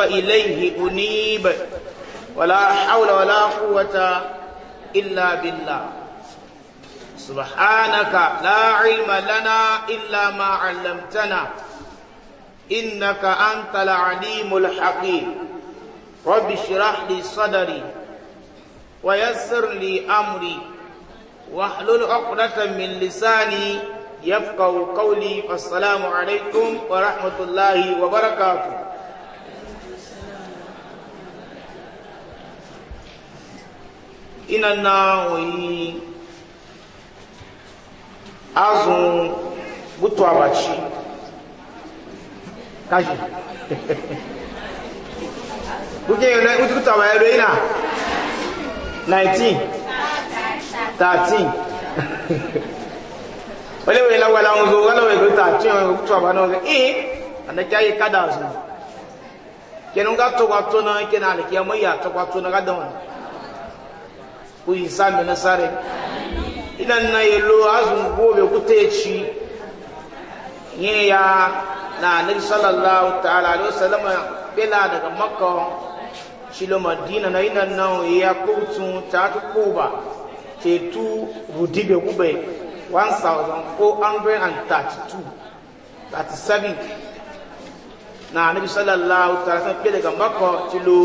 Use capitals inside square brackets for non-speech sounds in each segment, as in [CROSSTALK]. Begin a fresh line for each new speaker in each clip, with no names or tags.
وإليه أنيب ولا حول ولا قوة إلا بالله سبحانك لا علم لنا إلا ما علمتنا إنك أنت العليم الحكيم رب اشرح لي صدري ويسر لي أمري واحلل عقدة من لساني يفقه قولي والسلام عليكم ورحمة الله وبركاته [LAUGHS] ina na [LAUGHS] oyi azun gutu abaci kashi kuke yana gutu gutu abaci ero ina 19 13 wale wale lawala onzo wala wale gutu abaci gutu abaci onzo eh anaki ayi kada azun kenan ga togwato na kenan alkiyamai ya togwato ku sami da nasare idan na yi yelo azun gobe ku ci yi ya na nabi sallallahu ta'ala alaihi wasallam bela daga makka shilo madina na idan nan ya kutu ta ta kuba te tu rudibe gube 1432 37 na nabi sallallahu ta'ala bela daga makka shilo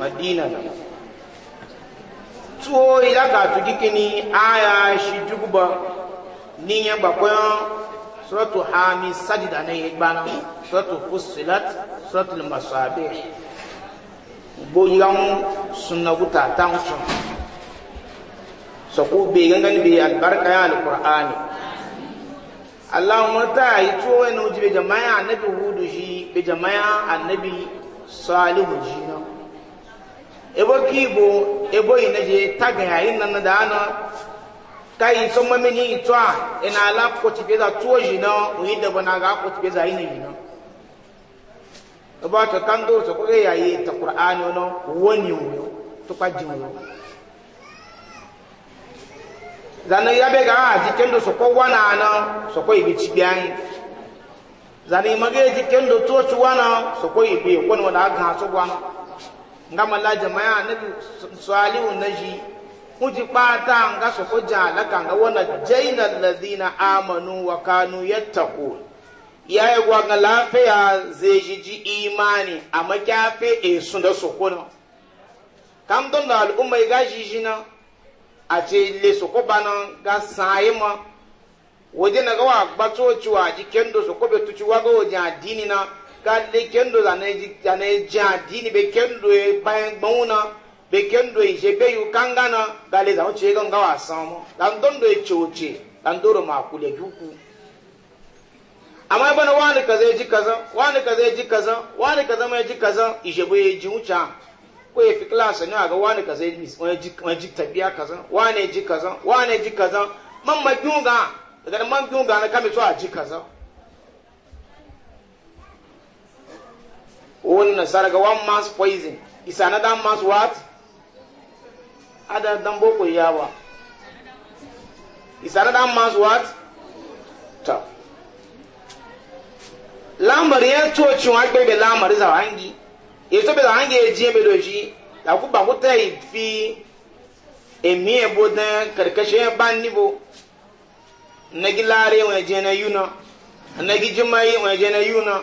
madina na tuwo ila ga tu dikini aya shi juguba ni ya bakwayo suratu hami sadida na yi gbana suratu fusilat suratu masabe boyan sunna guta ta sun sako be gangan be albarka ya alqur'ani allahumma ta yi tuwo ne ujibe jama'a annabi hudu shi be jama'a annabi salihu shi ebo ka igbo ebo yi na je taga ya yi nan da ana ka yi so mami ni ito a ina ala kwoti be da tuwo ji na oyi da bana ga kwoti be za yi na yi na ebo ka kan do so ko ya yi ta qur'ani no woni wo to ka ji wo zanu ya be ga a ji kendo so ko wana na so ko ibi ci bi an zanu ma ga ji kendo tuwo ci wana so ko ibi ko no da ga so wana nga mala jama'a nabi salihu naji kuji kpata nga soko ka nga wana jaina alladhina amanu wa kanu yattaqun yaye gwa nga lafiya ji imani a fe e so soko na kam don da al'umma ga jijina a ce le soko bana ga ma waje na gawa gbatoci wa jikin da soko betuci ga wajen addini na ka le kendo la na eji la na eji adini be kendo e bayan e gbɔn na be kendo e je be yu kanga na ga le zan tse ganga wa san mo la ndondo e tse o tse la ndoro ma ku le juku amma e na wani kaza eji kaza wani kaza eji kaza wani kaza ma eji kaza ije bo eji wucha ko e fi klasa ne aga wani kaza eji wani eji tabiya kaza wani eji kaza wani eji kaza ma ma gyunga daga man gyunga na kame to a ji kaza wani nasara ga one man's poison is another man's what other than boko yawa ba is another man's what ta lambar ya toci wa gbebe lambar za hangi ya tobe za hangi ya jiye medoji da ku ba ku ta yi fi emi ebo dan karkashin ban nibo nagi lare wani jena yuna nagi jima'i wani jena yuna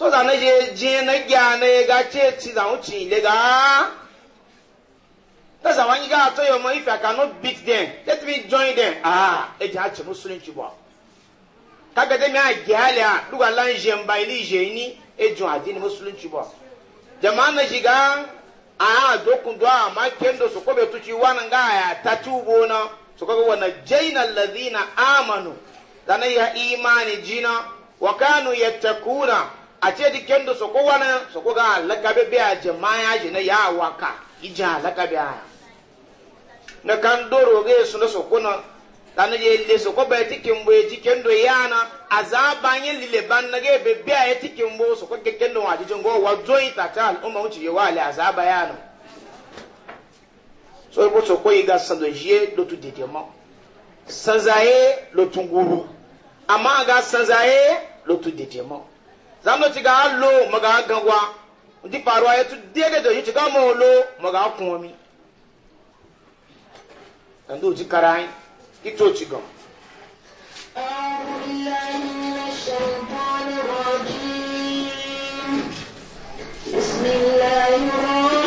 so zane je je na gyane ga ce ci zan ci le ga ta zama to me join them ah e ce musulunci ba ka a a lan e ni musulunci ba na do a ma kendo su ko be tuci wannan ga ya ta tubo na wana jaina alladhina amanu dana ya imani jina wa kanu yattakuna a ce di kendo soko ko soko ga alaka be biya jama'a je na ya waka ije alaka be aya na kan doro ga su na so na dan je le so ko ba tikin bo ji kendo yana azaba nye lile ban na ga be biya ya tikin bo so ko ke kendo wa jijin go wa join ta ta al'umma wuce ya wale azaba yana so ibo soko ko iga san do je do tu dede mo sanzaye lo tunguru amma ga sanzaye lo tu dede mo zamu ci ga lo mo ga gangwa ndi parwa yetu dege do yi ci ga mo lo mo ga kun mi tando ci karai ki to ci gan
بسم الله الرحمن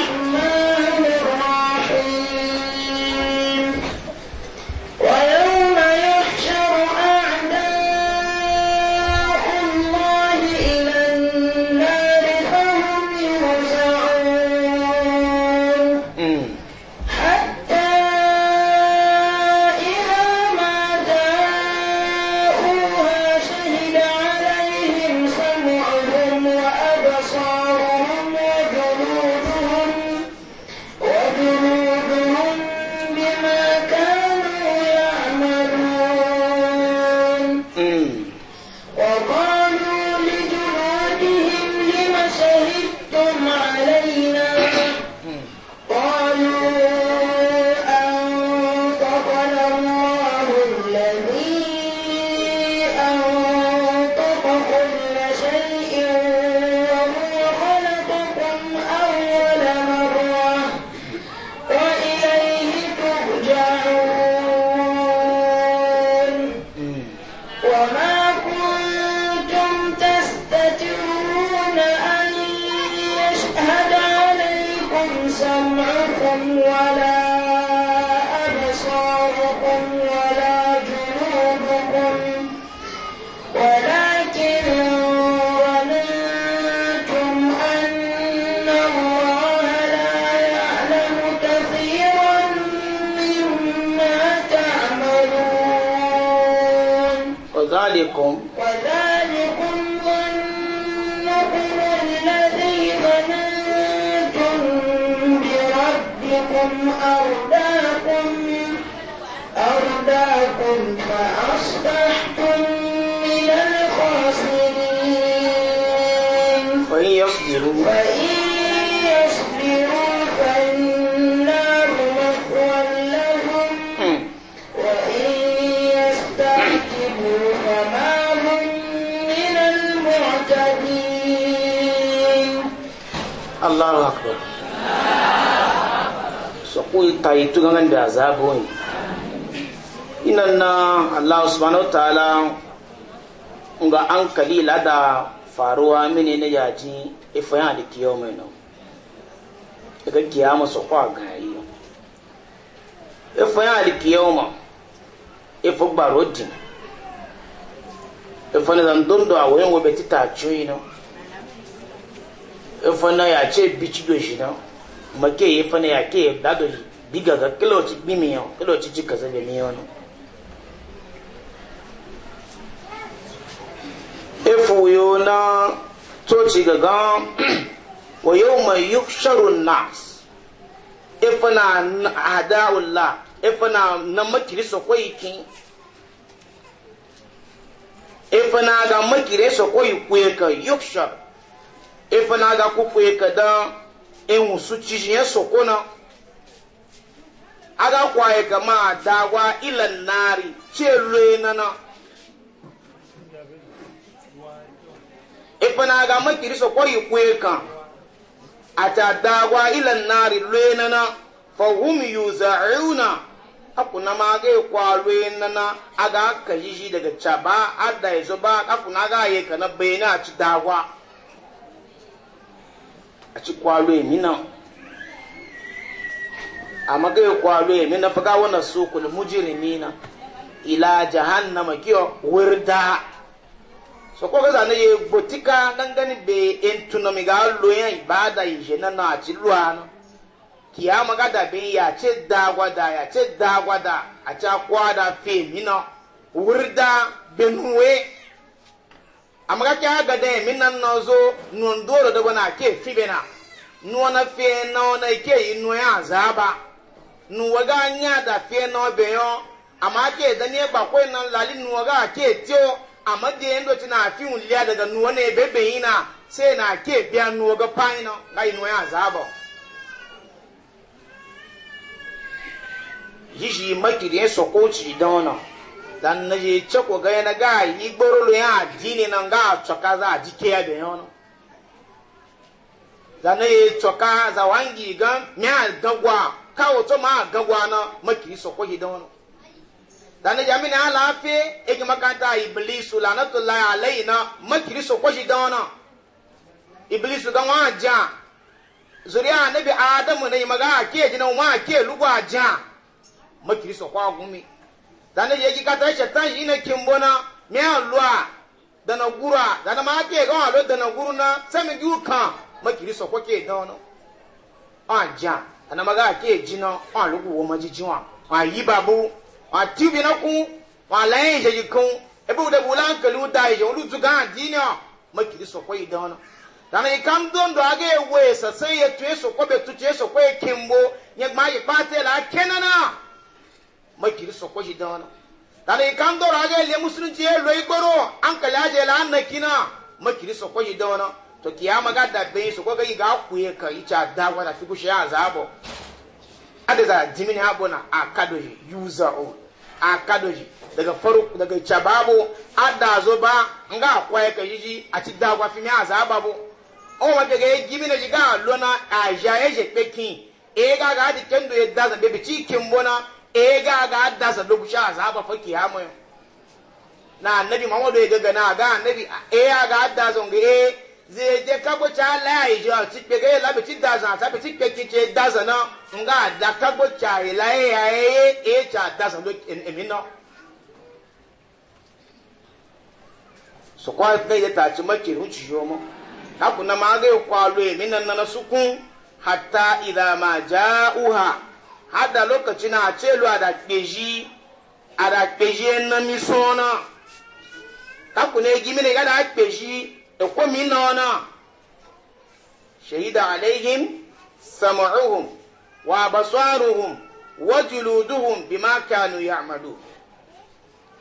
tai tu gangan da azabo ni inan na Allah subhanahu wa ta'ala ga an kalila da faruwa mini ne yaji ifa ya da kiyo mai no daga kiyama su kwa gari ifa ya da kiyo ma ifa barodin ifa na zandondo a wayan wabe ta tace no ifa na ya ce bici do shi make ifa na ya ke da do shi biga [CLEARS THROAT] ga kiloci bi miyan kiloci ci kaza wani. miyan efu yo na toci gaga wa yau mai yuksharun nas ifana adawullah ifana na makiri sokwai kin ifana ga makiri sokwai kuye ka yukshar ifana ga kukuye ka dan in wusu cijiyar sokona aga kwaye kama dagwa ilan nari ce nana ifana ga makiri so koyi kwe kan ata dagwa ilan nari nana fa hum yuzauna akuna ma ga kwa nana aga kajiji daga chaba adda izo ba na ga ye kana bayina ci dagwa a ci kwalo mina amma ga kwalo ya na faga wannan na mujrimina ila jahannama kiyo wirda so ko gaza ne botika dangane be entuna mi ga lo ya ibada ije na na ci luwa ki ga da be ya ce dagwada ya ce dagwada a ci akwada fe mina wirda benue amma ga kya ga da emi na zo nun da bana ke fibena nuwa na fe na wani ke yi nuwa ya zaba nuwa ga nya da fe na obe yo amma ke da ne ba koi nan lali nuwa ga ke tiyo amma da yin doci na fi un daga nuwa na bebe yi na sai na ke biya nuwa ga fayi na ga nuwa ya zaba yishi makiri ya sokoci don na dan na je chako ga yana ga yi gborolo ya adini nan ga tsoka za a jike ya da yana na je tsoka za wangi ga mi a ka to ma gagwa na maki so ko hidan wani dani jami ne ala fi ege makanta iblisu lanatullahi alaina makiri so ko hidan wani iblisu ga wa Zoria zuriya annabi adamu ne maga ake jina ma ake lugwa ja makiri so kwa gumi dani yeji kata shaitan yi ne kimbona me alwa dana gura dana ma ake ga wa lo dana Danaguru na sami gi ukan makiri so ko ke dan wani a anamaga ake jina wọn alugu wọn ma jijin wa wọn ayi babu wọn ati na kun wọn alaye ìṣèjì kun ebi wòle wòle ankele wòle ta ìṣèjì wòle tuga àdínì ọ mẹkìlì sọkọ yìí dán na tani ìkàm dondo aga ewo esase yẹ tu esokọ nye la igboro la to kiyama ga da bai su ko ga ga kuye ka icha da wa da fiku shi azabo ada za jimini abona akadoji user on akadoji daga faru daga chababu ada zo ba nga kwaye ka yiji ati ci da wa fimi azababo o wa daga na ji ga lona aja eje pekin e ga ga di kendo ya da za bebe cikin bona e ga ga da za lokaci azaba fa kiyama na annabi muhammadu ya gaga na ga annabi e ya ga da zonga e zai je kagbocha layi je ti pege la beti dazan ta beti peke je dazan na nga da kagbocha layi ya e e cha dazan do emi na so kwa fe ye ta ti make hu chi yo mo ta ku na ma ga kwa lo emi na na sukun hatta idha ma uha hada lokaci na ce lo ada peji ada peji na mi sona ta ku ne gi mi ne ga da peji ekwo mi na ona shahida alaihim sam'uhum wa basaruhum wa juluduhum bima kanu ya'malu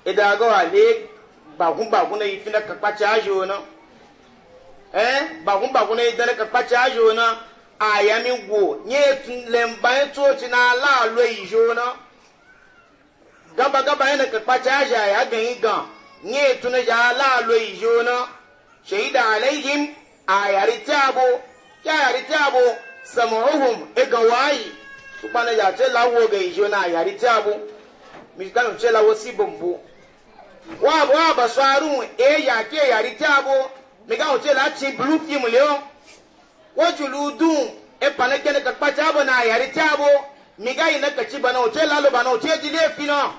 ida ga wale bagun bagun na ifina ka kwace ajo na eh bagun bagun na idan ka kwace ajo na ayami gwo nye tun lemba ye tochi na ala alo ijo na gaba gaba yana ka kwace ajo ya ga yi gan nye tun ja ala alo ijo na shahida alaihim a yari tabo ya yari tabo samuhum ega wayi tukpana ya ce lawo ga ijo na yari tabo mi kan ce lawo si bombo wa bo so saru e ya ke yari tabo mi kan ce la chi blue film leo wa juludun e pana kene ka pacha bo na yari tabo mi ga ina ka ci bana o ce lalo bana o ce jide fino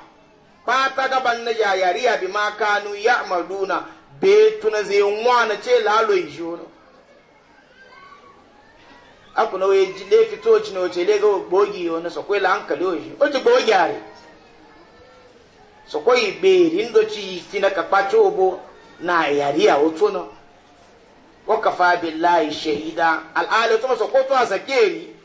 pata ga ban na ya yari abi ma kanu ya maduna. betu na zai nwana ce lalo yi na aku na wai le fito ci na wace le ga gbogi wani sakwai la hankali oji oji gbogi are sakwai beri ndo ci ti na kapace obo na yari a otu na waka fa billahi shahida al'ala to masa kotu a zakeri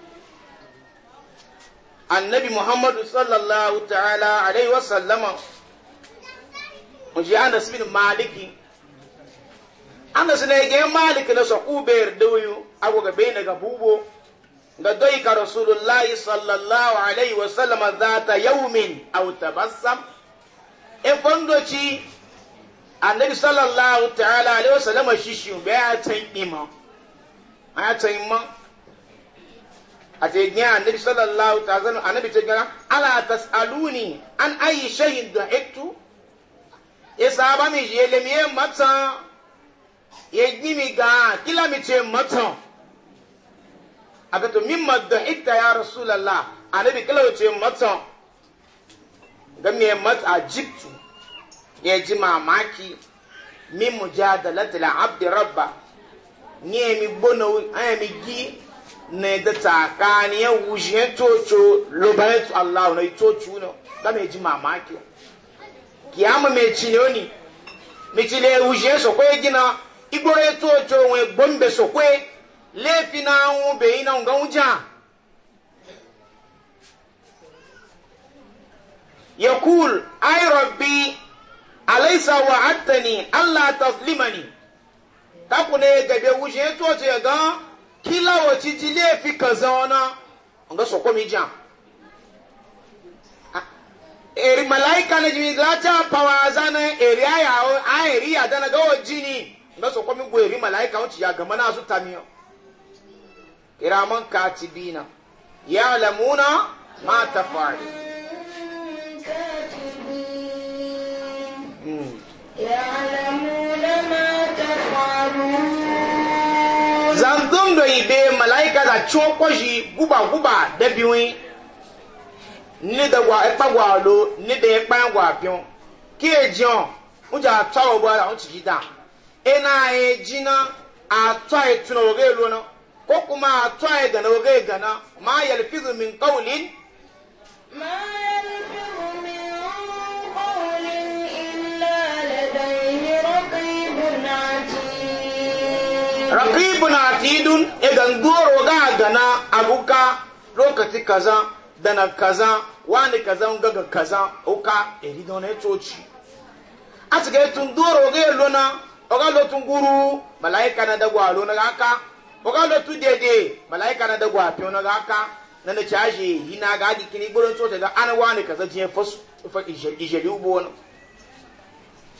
annabi muhammadu sallallahu ta'ala alaihi wasallama mu ji anas bin maliki anas ne ge malik na soku ber doyo ago ga bene ga bubo ga doyi ka rasulullahi sallallahu alaihi wa sallam zata yawmin aw tabassam e fondoci annabi sallallahu ta'ala alaihi wa sallam shishi be a tan ima a tan ima a te gbe annabi sallallahu ta'ala annabi te gbe ala tasaluni an ayi shay'in da'iktu isa e ba mi je le mi e matan yegbi mi gan kila mi ce matan akato min madan ita ya rasulallah anabi kila ce matan ga mi a jiptu ya ji mamaki min mujadalatil abdi rabba ni mi gbona aya mi gi na da tsakani ya wuje tocho lobayin Allah na itochu na ga mi ji mamaki kiyama mai cinye ni mi cile wuje so ko ya gina igboro etu otu onwe gbo mbe sokwe lefi na anwụ beghị na nga ụja yakul ay rabbi alaisa wa attani allah taslimani taku ne gabe wuce etu otu ya ga kila wace ji lefi kaza wana nga sokwe mi ja ah, eri malaika na jimi lata pawa zana eri aya eri ya dana ga wajini nga so kwami gwe ri malaika wuci ya gama na su tamiyo kiraman katibina ya'lamuna ma tafa'al hmm.
ya'lamuna ma tafa'alun
zandum do ibe malaika da chokwaji guba guba debiwin ne da gwa ekpa gwa lo ni da ekpa gwa bion ki ejion uja bɔ a la unti jidan ina ye jina a tɔye tuna o bɛ lona ko kuma a tɔye gana o bɛ gana ma yalfizu min qawlin
ma yalfizu min qawlin illa ladayhi raqibun atid raqibun
atidun e gan waga ga gana abuka lokaci kaza dana kaza wani kaza gaga kaza uka eri don ya toci a cikin tun doro ga lona oga lotu nguru malaika na dagwa alo na aka oga lotu dede malaika na dagwa apio na aka na na yi na ga adi kini gboro to ga ana wani kaza jiye fosu fa ijeli ubo wono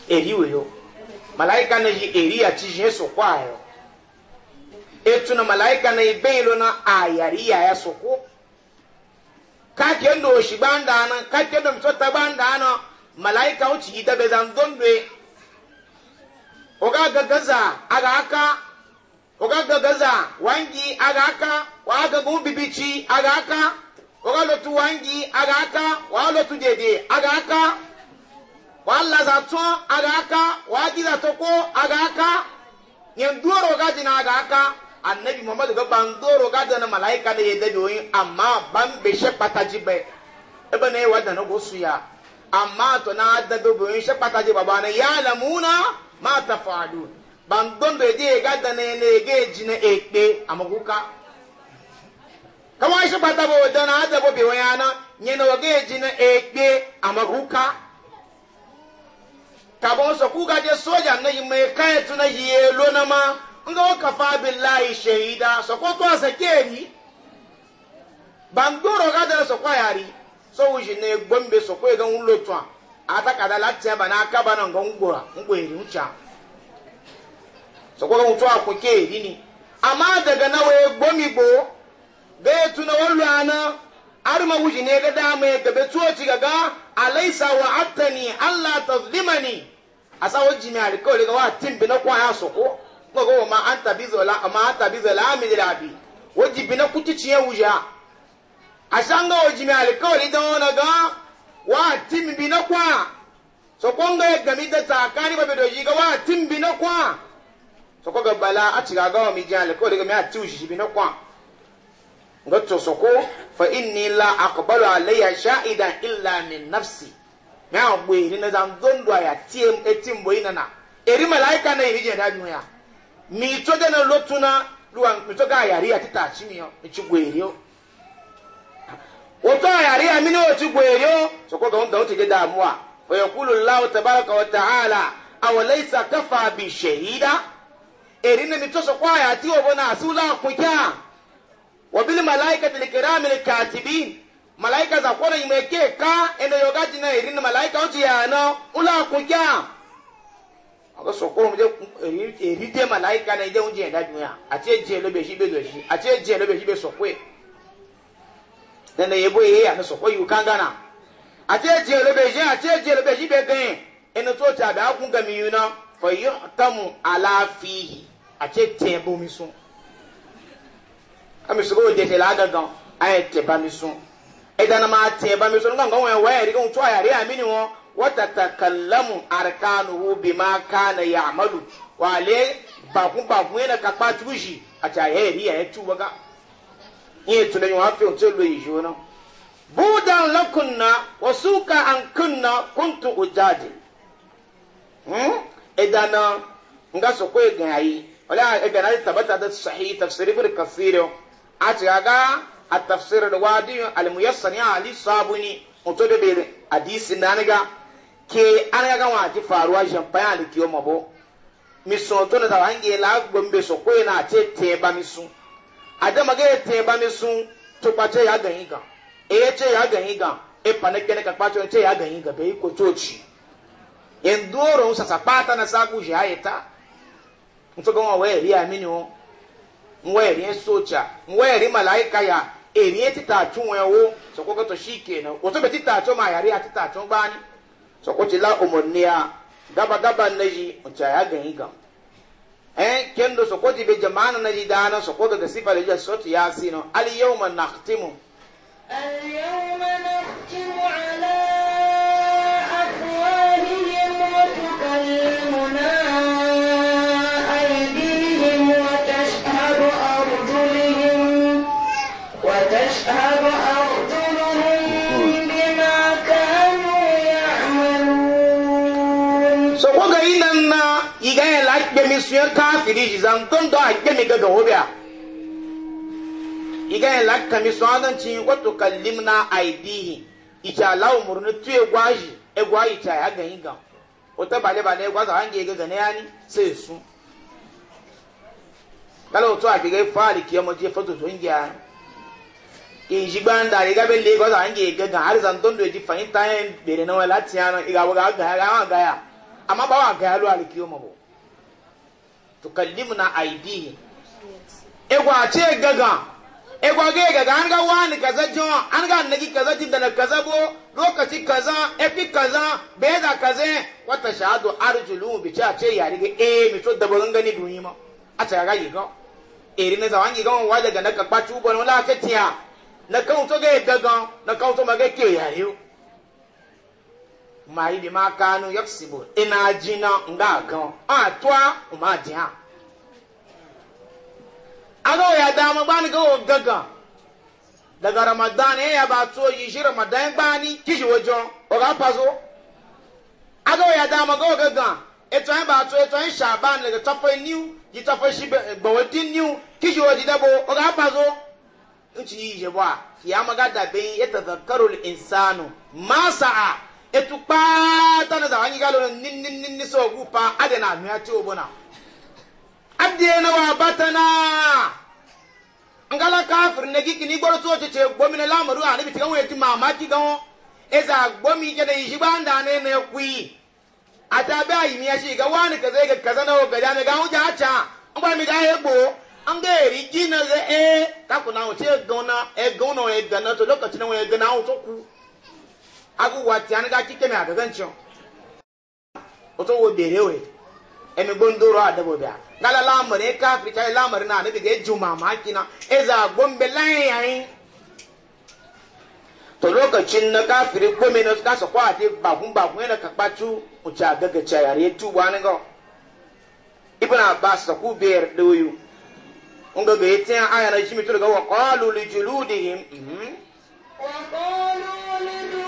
eri weyo malaika na ji eri ya ci je so etu na malaika na ibeilo na ayari ya ya soko kake osi shi banda na kake ndo mtota banda na malaika uchi idabe zandondwe oga gagaza aga aka oga gaza wangi aga aka wa gaga ubibici aga aka oga lotu wangi aga aka wa lotu dede aga aka wa laza tun aga aka wa jiza toko aga aka yen duoro ga jina aga aka annabi muhammadu ga ban duoro ga dana malaika da yadda doyin amma ban be she pataji be ebe ne wa dana go suya amma to na da doyin she pataji babana ya lamuna ma tafadu bandon da je ga da ne ne ga ji na ekpe amaguka kawai shi ba dabo da na dabo bi wayana nye na ga eji na ekpe amaguka ka bon so ku ga je soja na yi mai kai tuna yi lo na ma nga ka kafa billahi shahida so ko to sa keri bandoro ga da so kwayari so wuji ne gombe so ko ga un lotwa atakada latia ba n'aka ba na ngo ngbora ngberi ncha sokwa ntu akweke edini ama daga na we gbomigbo ga etu na wallu ana arma wuji ne ga dama ya gabe tuwo ci ga alaisa wa attani allah tazlimani asa waji mi alkawli ga wa timbi na kwa ya soko ko go ma anta bizola ma anta bizola mi labi waji bi na kutici ya wuja asanga waji mi alkawli da wona ga wa tim bi na kwa so kon ga gami da tsakani ba bedo yi wa tim na kwa so ko ga bala a ci ga ga mi jale ko daga mi a ci shi bi na kwa Nga to so ko fa inni la aqbalu alayya sha'idan illa min nafsi mi a gbe ni na zan gondo ya tim etim boy na na eri malaika na yi je da ya mi to da na lotuna ruwan mi to ga yari ya tita ci mi yo mi ci gwe yo woto ayari ya mini otu gweyo sokwa ga unda utige damuwa fa yaqulu allah tabaraka wa ta'ala aw kafa bi shahida erina mi to sokwa ya ti obona asula kuja wa bil malaikati likram likatibin malaika za kwana imeke ka na malaika uti ya no ula kuja aga sokwa eride malaika na je unje da dunya ati nana yebo ye ya so ko yu kangana ate je lo be je ate je lo be ji be gan eno to ta da kun ga mi yi fa yuhtamu ala fihi ate te bo mi sun ami so go de te la gangan ay te ba mi sun e dana ma te ba mi sun ngan ngan wa ya ri ko to ya ri amini won wa tatakallamu arkanuhu bima kana ya'malu wa le ba kun ba kun yana ka pa tuji ata ye ri ya tu waga iya tunai wa hafi wancan lo yi na budan lakunna wasu ka an kunna kuntu ujadi idana nga so ko ga wala ibn ali tabata da sahih tafsir ibn kasir a ci ga at tafsir al wadi al muyassar ya ali sabuni mutu da bai hadisi na ga ke an ga wa ji faruwa champagne al kiyo mabo mi so to da wange la gombe so ko na ce te ba mi adama ga ete ba mi sun to kpace ya ganyi ga e ce ya ganyi ga e pane kene ka kpace ce ya ganyi ga be ko toci en doro sa sapata na sa ku ya eta nto go wa eri amini o nwa eri socha nwa eri malaika ya eri etita tun wo so ko to shike na o to betita to ma ya ri atita tun gba ni so ko ti la omonnia gaba gaba neji o cha ya ganyi ga eh kendo so ko dibe jamana na jidana so ko daga sifa da sotu yasino al yawma nakhtimu
al yawma nakhtimu ala
agbemi suye kafiri izan don don agbemi gaga hobiya iga yin lakami suwananci wato kallim na aidihi ita alawu murni tu egwaji egwaji ta ya ganyi gan wata bale bale egwaza hangi gaga na yani sai e su kala otu ake ga e fari ki yamo je fato tun gya e in shi gban da ga belle egwaza hangi gaga har zan don doji fahimta yin bere na wala tiyano iga waga ga ya ga ya amma ba wa ga ya lo alikiyo mabo tukallimna aidihim egwa ce gaga egwa ga gaga an ga wani kaza jo an ga nagi kaza ti da kaza bo lokaci kaza epi kaza be da kaza wata shahadu arjulu bi cha ce ya rige e mi to da bon gani duniya ma a ta ga yi ga eri ne za yi ga wa daga na ka kwatu bon la ka tiya na kan to ga gaga na kan to ma ga ke ya yi. ma yi bi ma bụ yaksibu ina jina nga kan a toa ma di ha aga ya da ma ba ni go gaga daga ramadan e ya ba to yi shi ramadan ba ni kiji wojo o ga paso aga ya da ma go gaga eto en ba to eto en shaban le to fo niu ji to fo shi e gbo wodi niu kiji woji da bo o ga paso nchi yi je ba ya ma ga dabe be yatadhakkaru e al insanu ma sa'a etu kpata na za anyị galo ni ni ni ni so gupa ade na nua ti obona ade na wa batana ngala kafir ne gi kini gboro so tete gbomi na lamaru ani bi tigan weti mama ki gan e za gbomi je na yishi ba nda ne na kui ata ba yi mi ashi ga wani kaza ga kaza na ga da ne ga acha ngba mi ga egbo an eri ji eh, na ee ze e ka ku na o na gona e gona e gana to na we gana o to ku agụgwa ti anaga kike na adadan chọ oto wo bere we emi gbondoro adabo bia gala lamari ka afrika e lamari na anabi ga eju ama ma kina eza agbo mbe lai yayin to lokacin na kafiri kome na suka sakwa ati bakun bakun yana kakpatu uce agaga cayar ya tubu wani ga ibn abbas da ku biyar doyu un ga ga yati aya na shi mitu ga wa qalu li juludihim mhm.
wa qalu li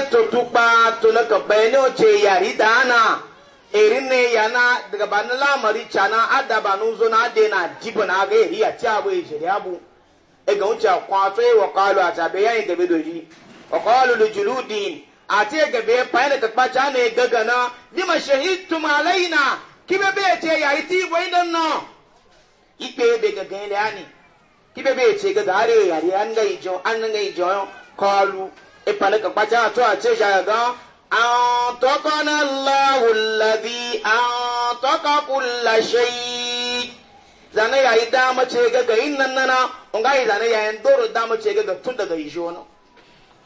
to tukpa to na ka bayanyo ce yari dana erin ne yana daga ba na lamari cana adaba n'uzo na ade na jibo na aga eri ati abu ejiri abu ega wuce kwato yi wakalu a tabe yayin gabe doji wakalu da juludin a te gabe fayar da kpacha na gagana lima e shahidu malaina kibe be e ce yari ti ibo idan no ikpe ebe gaga ile ani kibe be ce gaga are yari an ga ijo an ga e ijo kalu ìpàlẹ̀ kọ̀pá tí a tó àti ìṣàyà gan. أعتقنا الله الذي أعتق كل شيء zane ya yi dama ce gaga yin nan nana unga yi zane ya yi doro dama ce gaga tun daga yi shi wani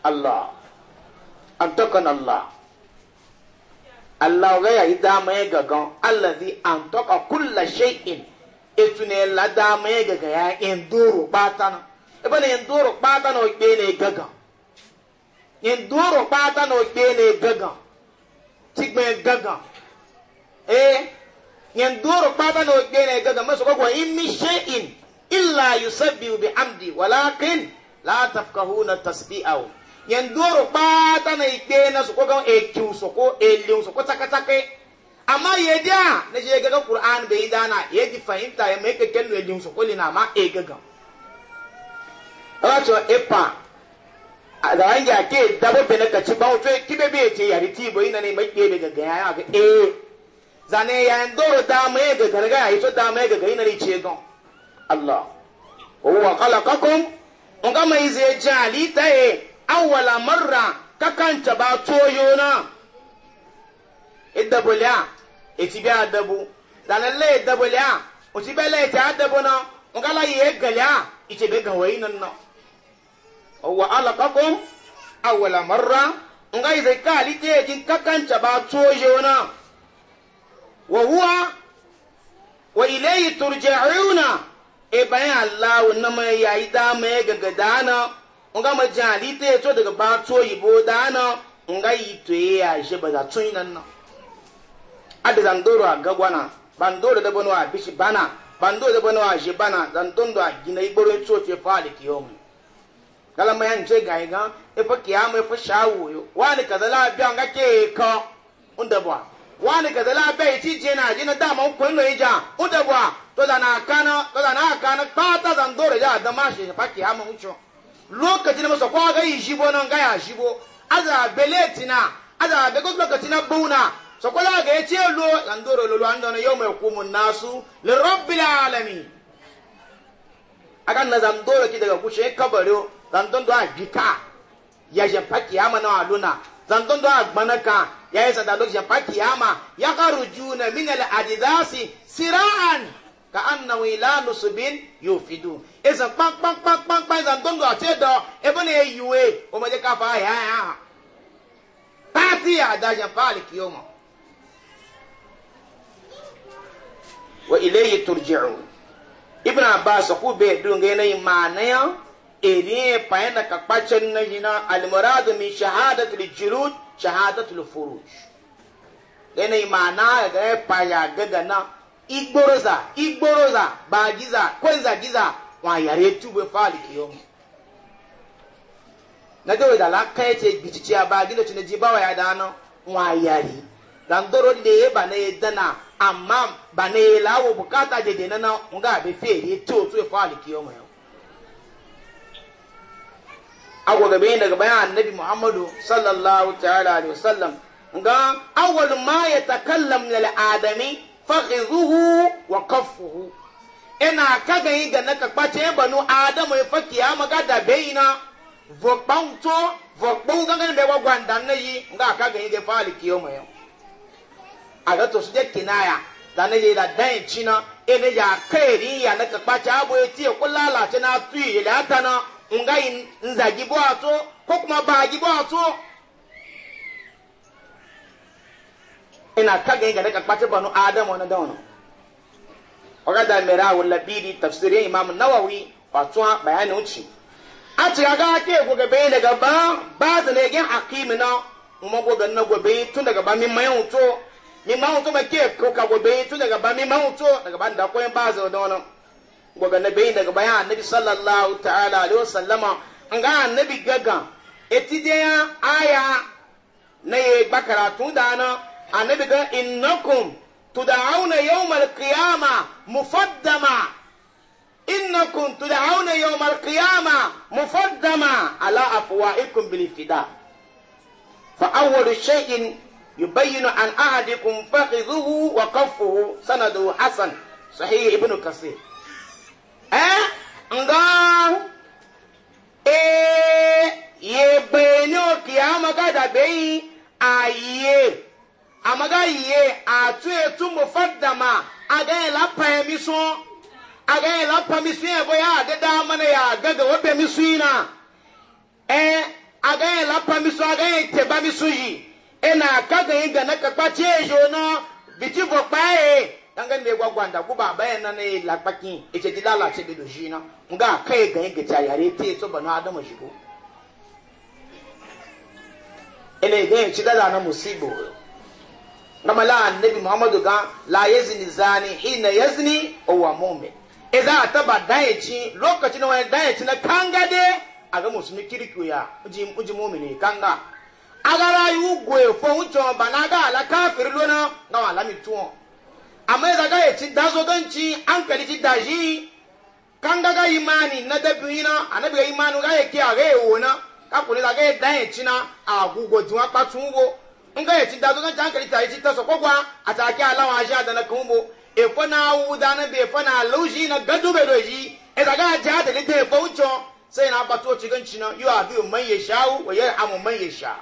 Allah an takan Allah Allah ga yi dama ya gaga Allah zai an taka kulla shay'in etu ne la dama ya gaga ya yin doro batana ibi yin doro batana o gbe ne gaga nduro kpata na okpe na gagan tigbe gagan eh nduro kpata na okpe na gagan masu kwakwa in min shay'in illa yusabbihu bi amdi walakin la tafkahuna tasbi'ahu nduro kpata na ikpe na su kwakwa ekiu soko eliu soko takatake amma yedi a na je gaga qur'an be bai dana di fahimta ya mai kekenu eliu soko lina ma e, e gagan Racho epa da an yake dabo bene na kaci ba wato kibe be ce yari ti bo na ne makke be ga gaya ya ga eh zane ya ndoro da mai ga garga ya ito da mai ga ina ne ce gon Allah huwa khalaqakum on ga mai zai jali ta e awwala marra ka kanta ba toyo na idda bulya eti bi adabu Zanen le idda bulya o ti bele ta adabu na on ga la ye galya ite be ga ina na wa alaqakum awwala marra ngai zai kali ke jin kakanta ba toje wana wa huwa wa ilayhi turja'una e bayan Allah na mai yayi da mai gaga dana nga ma jali te to daga ba toyi bo dana ngai to ya je ba za tun nan na ada zandoro gagwana bandoro da bono abishi bana bandoro da bono aje bana zandondo a gina igboro to fe fa alikiyomu kala ma yan ce gayi gan ifa kiyama ifa shawo yo wani kaza la biya nga ke ka unda bwa wani kaza la biya ti je na je na da ma ko lo ija unda bwa to da na kana to da na kana ba ta zan dore ja da ma shi fa kiyama ucho lokaci ne masa kwa ga yi shibo nan ga ya shibo aza beletina aza be ko lokaci na buna so ko la ga ya ce lo zan dore lo lo an da na yau mai kumun nasu li rabbil alamin akan na zan dore ki daga kushe kabarin zandondo a jika ya jefa kiyama na waluna zandondo a gbana gbanaka ya yi sadalo jefa kiyama ya karu juna minal adidasi sira'an ka annahu ila nusubin yufidu ezan kpankpankpankpankpan zandondo a ce dɔ ebe ne yiwe o ma je ka fa ya ya pati ya da jefa alikiyoma wa ilayhi turji'un ibn abbas ku be dunga yanayin ma'anayan ere payana ka kpacen na jina almuradu min shahadatul julud shahadatul furuj yana imana ga e paya gaga na igboroza igboroza ba giza kwenza giza wa yare tube fali kiyo na dawo da la kai e ba gizo dan doro de e ba na dana amma ba na lawo bukata de de na nga be fere to to fali kiyo mai agwa gabe daga bayan annabi muhammadu sallallahu ta'ala alaihi wasallam ga awwal ma ya takallam lil adami fakhidhuhu wa kaffuhu ina kaga yi ga naka kwace banu adamu fa kiyama ga da baina vokpanto vokpon ga ngane bewa gwanda na yi ga kaga yi ga fali kiyo yau aga to suje kinaya da ne da dai china ene ya kairi ya naka kwace abo ya ko kullala na tuyi ya na. ngai nzagi bwato ko kuma bagi bwato ina kaga ga daga kwata banu adamu wani dawono oga da mera wala bidi tafsirin imam nawawi wato bayani uci a ci ga ke go ga bai daga ba ba da ne gen aqimi na kuma go ga na go bai tun daga ba min mayan to min mayan to ba ke ko ka go bai tun daga ba min mayan to daga ba da koyin ba zo dawono goga na bayin daga bayan annabi sallallahu ta'ala alaihi wasallama an ga annabi gaga eti de aya na ye bakara tun da na annabi ga innakum tud'auna yawmal qiyama mufaddama innakum tud'auna yawmal qiyama mufaddama ala afwaikum bil fida fa awwalu shay'in an ahadikum أحدكم wa وقفه sanadu hasan sahih ابن kasir ee eh? nga ee eh, yebe ni oke amaga dabeghị ayiye amaga yiye atụ etu mụfadama agaghị lapa ya miso agaghị lapa miso ya bụ ya adịda mana ya agaga webe ị na ee eh, agaghị lapa miso agaghị teba miso yi ị na-akaga ịga na kakpa chi na biti bụ danga me gwa gwanda guba na nan ne lakpaki ice ji lalace da doshi na muga kai ga yake ta yare te to bana adama shigo ele ga ci da na musibo nama la annabi muhammadu ga la yazni zani hina yazni wa mu'min idza e ataba dayaci e lokacin wani dayaci e na kanga de aga musulmi kirkiyo ya uji uji mu'mini kanga agara yu gwe fo uncho bana ga ala kafir lona na wala mi tuon amma ya zaga ya ci dazo ganci an kari ci daji kan gaga imani na dabi na anabi imani ga yake a ga yawo na ka kuri zaga ya dan ya ci na a gugo tuwa patun go in ga ya ci dazo ganci an kari ta ci ta so kokwa a ta ki alawa sha da na kumbo e fa na da na be e fa na lauji na gado be doji e zaga ja da lita e baucho sai na bato ci ganci na yu a biyu man ya sha'u wa yarhamu man ya sha'u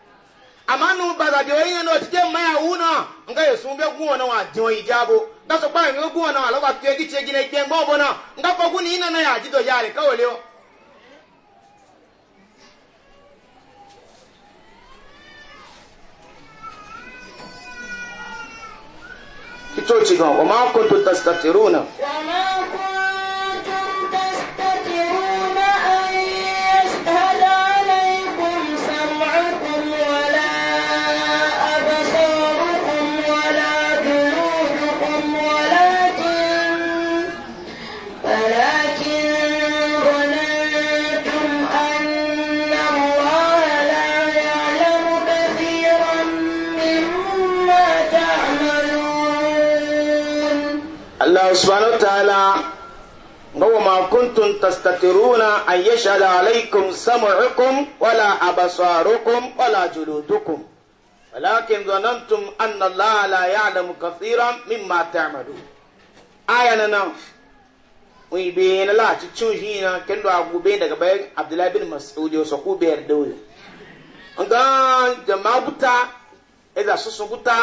ama nu baza de oyin no tije ma nga yesu be gun ona wa jon ijabo da so pa gun ona lo ba egi gbe na nga ko gun ni na na ya jido ya re ka ole o kito chigo wa ma كنتم تستترون أن يشهد عليكم سمعكم ولا أبصاركم ولا جلودكم ولكن ظننتم أن الله لا يعلم كثيرا مما تعملون آية نعم wani bayan la ci na a gobe daga bayan abdullahi bin mas'ud yau sako bayar da wuyo ga jama'a buta idan su sun buta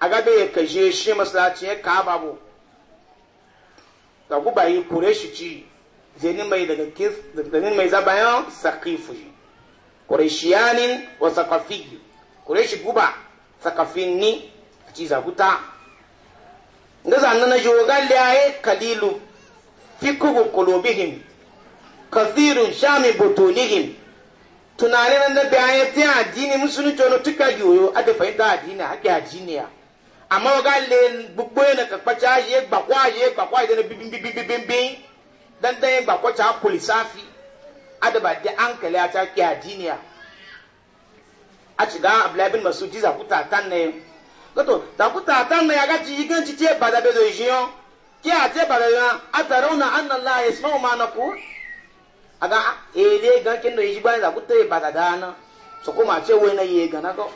a gabe ya shi masalacin ka babu kure shi ci zeni mai daga kis daga mai zabayan sakifu shi kureshiyanin wa sakafi kureshi guba sakafin ni a ci zaguta ga zanen na jogan liyaye kalilu fikubu kulubihim kathirun shami botonihim tunanin nan da bayan ta addini musulunci wani tuka yoyo a da fahimta addini a haƙi addini ya amma ga le gbogbo yana kakpaci ajiye gbakwa ajiye gbakwa idan bibin bibin bibin dandan ya gbakwa ta kuli safi adaba da ankali ta ki adiniya a ci ga abulabin masu ji zakuta tan na yin gato zakuta tan na ya gaci yi ganci ce ba da bezo shi yon ki a ce ba da yon a tarauna an nan laye su ma na ku a ga ele gankin da yi bayan zakuta ya ba da dana su kuma ce wai na yi gana ko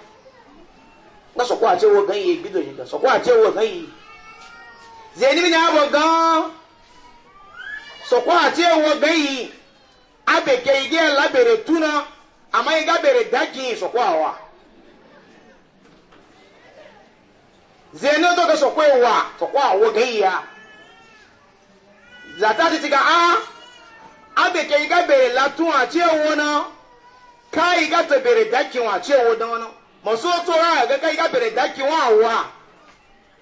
na su a ce wa gan yi bido yi ga su kuwa ce wa gan yi zai ni bin ya bo gan sọkwa ati ewo gayi abeke ige labere tuna ama iga bere daji sọkwa awa zene to ka sọkwa ewa sọkwa awo gayi ya zata ti ka a abeke iga bere latun ati ewo na ka iga te bere daji wa ati ewo dan na mọ so to ra ga ka iga bere daji wa awa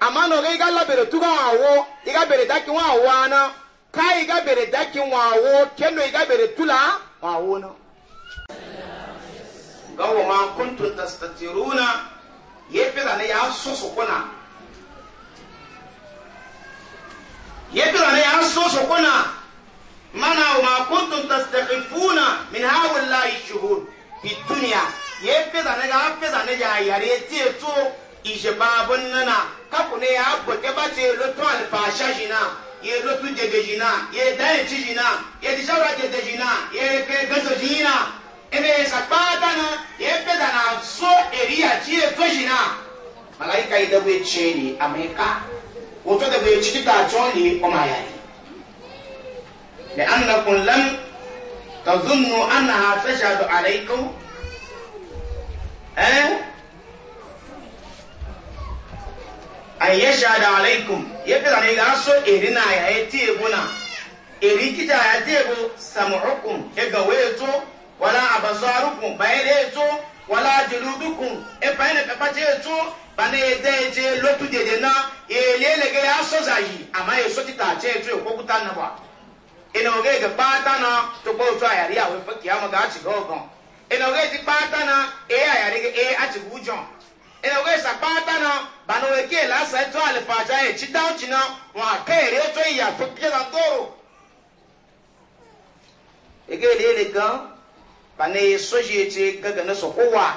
ama na ga iga labere tuka wa awo iga bere daji wa awa na. kai ga bere dakin wawo kendo ga bere tula wawo na wa ma kuntum tastatiruna yefe da ne ya so so kuna yefe da ne ya soso so kuna mana ma kuntum tastakhifuna min haula'i shuhud fi dunya yefe da ne ga fe da ne ya yare tie to ijebabun nana kakune ya boke bace lotwa alfashashi na ye lotu dede jina ye daye ti jina ye disawura dede jina ye pe gbeso jina ebe ye sakpata na ye peta na so eriya ti ye to jina malaika yi dabu etsie ni ameka wotɔ dabu etsi ti ta tsɔ ni ɔma ya yi le anakun lam tazunu anaha tashadu aleikum ɛɛ. an yashhada alaikum ya fi zane ga so eri na ya ya tiye buna eri kita ya tiye bu sam'ukum ya ga weto wala abasarukum bayan eto wala juludukun e bayan ka pace eto bana ya da je lotu dede na ya lele ga ya so zayi amma ya so kita ce eto ko kuta na ba ina oge ga pata na to ko to ayari awe fa kiyama ga ci gogon ina oge ti pata na e ayari ga e a ci gujon ina wai sakpata na ba na wai ke lasa to alfaja ya ci dauci na wa kai re to ya to ke da toro ege le le gan ba ne soje ce gaga na sokowa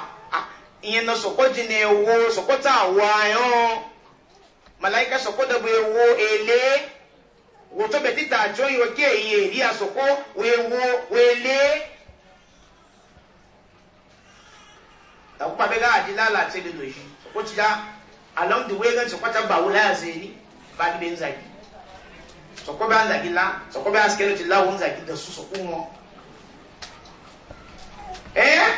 iye na sokoji ne wo sokota wa yo malaika sokoda bu wo ele wo to betita jo yo ke iye ri asoko we wo we le ta kuma bai ga ji lalace da doshi ko ci da along the way ganci kwata ba wula ya sai ni ba ni bin zaki so ko ba zaki la so ko ba askelo ci la wun zaki da su so kuma eh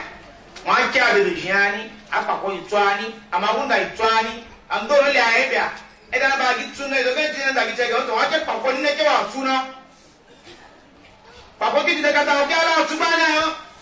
ma ki a da doshi ani apa ko itwani ama wunda itwani am do le ayebia e da ba gi tuna do ganci na zaki ce ga to wa ke pa ko ni ne ke wa tu na, ko ki da ka ta o ke ala na yo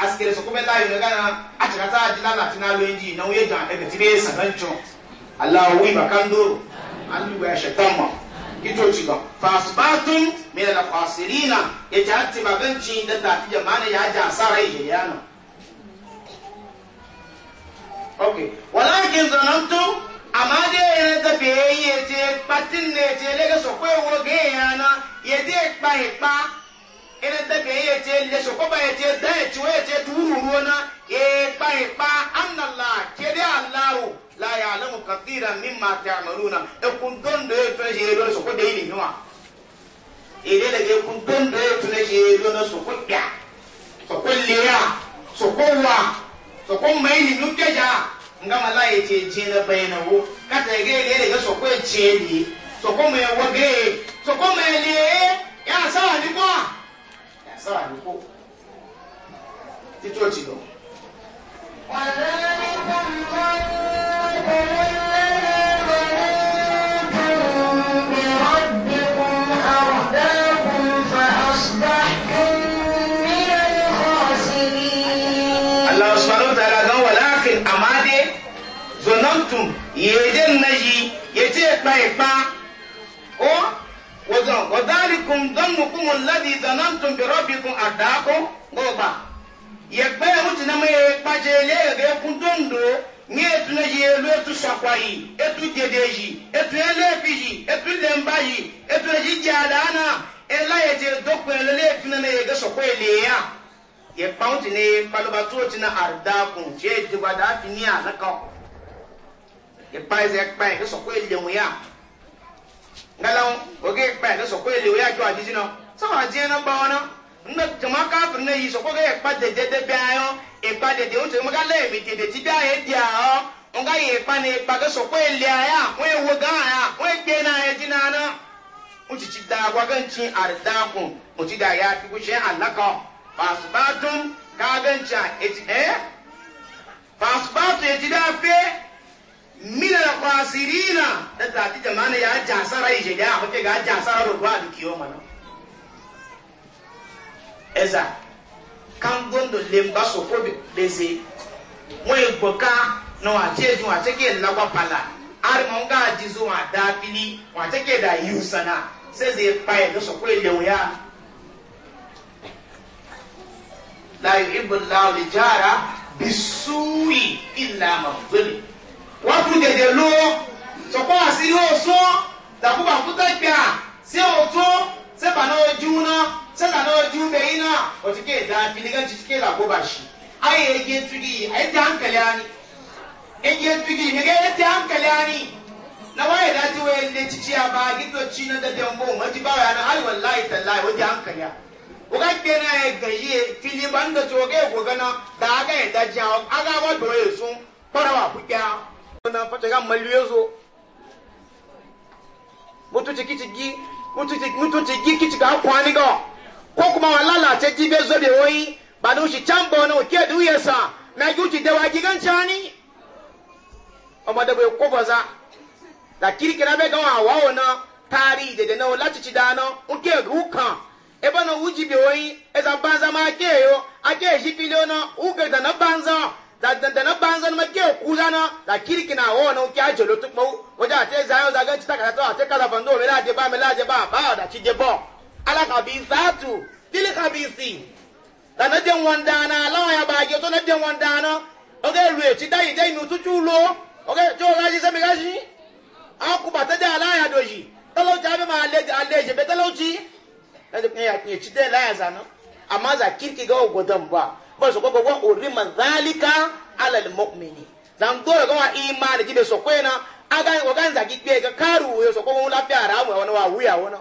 asikere so kuma tayi daga na a cika ta ji lana tina loyin na wuye jan daga tibe sanancho Allah wi bakando an yi ya shaitan ma kito ci ba fasbatun min al fasirina ya ta atti maganci da ta fi jama'a ya ja sarai ya yana okay walakin zanantu amma dai yana da beye ce patin ne ce lega so ko wo ge yana ya dai pa pa ene daga ye je le so ko ba ye ce da ye ci ye je duru ruona e pa e pa anna allah kede allah la ya'lamu kathiran mimma ta'maluna e kun don do ye to je do so ko de ni nuwa e le le kun don do ye to je do so ko ya so ko le ya ko wa so ko mai ni nu ke ja nga mala ye je je na bayana wo kata ye le le so ko je ni so ko mai wa ge so ko mai
le ya sa ni kwa
sára àdúgbò títí ó ti lọ.
Allah subhanahu wa ta'ala
gan o wajen wadalikum zannukum alladhi zanantum bi rabbikum adako goba ya mutu na ya maye pajele yege kundondo ni etu na ye lo etu sakwa yi etu dede yi etu elefi yi etu lemba yi etu eji jadana ela yeje dokun lele etu na yege sakwa ele ya ye pauti ne palobatu oti na ardakun je dibada fini anaka ye paize ya yege sakwa ele mu ya ngalau oge kpa ne sɔkɔ ele oye adzɔ adidi nɔ sɔkɔ adiɛ nɔ bawo nɔ ŋgbɛ jama kafiri na yi sɔkɔ ge ekpa dede de bia yɔ ekpa dede o tɛmɛ ka lɛ emi dede ti bia yɛ dia yɔ nga yi ekpa ne ekpa ge sɔkɔ elea ya ŋu ewo gã ya ŋu ekpe na yɛ di na nɔ ŋutsitsi da wa ge ŋtsi arida kun ŋutsi da ya fi kusi alakɔ fasuba dun ka ge ŋtsi e eti eh? ɛ fasuba tun eti da fe. min alkhasirina da ta ti jama'ana ya ja asara ije da hoke ga ja asara ro ba dukiyo mana eza kan gondo le mba so ko gboka na wa ti ejun ate ke la pala ari nga jizu wa da bili wa te ke da yusana se ze pa e do ele ya la yuhibbu allah al jara bisui wọ́n tún dẹ̀dẹ̀ lọ sọ̀kọ́ àṣírí ọ̀sọ́ dàkúbà kúta gbà ṣé ọ̀tún sẹ́bà náà jú náà sẹ́bà náà jú bẹ̀yìn náà ọ̀tíkẹ́ ìdá fìlígẹ́ ti tíkẹ́ làkóbà ṣì ayé ege tugi ayé tí a ń kẹlẹ́ ani ege tugi nìkẹ́ ayé tí a ń kẹlẹ́ ani na wáyé dájú wẹ́ lé títí àbá gígbó tí iná dẹ́dẹ́ ń bọ̀ ma ti bára náà ayé ta láyé tẹ̀lá ayé wọ́n ti à ń kẹlẹ́ wọ́n ká gbé náà gẹ̀yé fìlí bá ń dọ̀tí wọ́n ká èkó gánà dàá ká ẹ̀dá jẹun á ká wọ́n dọ̀ọ́ yẹ sún kpọ́dọ̀ wà pípẹ́ na fata ga malliyozo mutu ciki ciki mutu ciki mutu ciki kici ga kwani ga ko kuma walala ta jibe zobe wai ba da shi can ba wani ke duye sa na guci da wa gigan cani amma da bai ko baza da kirkira bai ga wa wawo na tari da da na lati ci dano nke rukan ebe na e uji be wai eza banza ma ke yo ake shi filiyo na uke da na banza da dandana banzan ma ke kuza na da kirki na ho na kya jelo tuk mo waja te zayo zaga chita kala to ate kala bando me laje ba me laje ba ba da chije bo ala ka bi si. da na den wanda na lawa ya ba ge to na den wanda na oge ru e ti dai dai nu tutu lo oge jo la ji se me ga ji a ku ba te da ala ya doji tolo ja be ma ale ale je be tolo ji e ti de la ya za no amma za kirki ga gwadon ba ba su kwakwa wa urima zalika alal mu'mini zan dole ga wa imani jibe so kwena aga yi ogan zagi gbe ga karu yo so kwakwa lafiya ramu wani wa wuya wani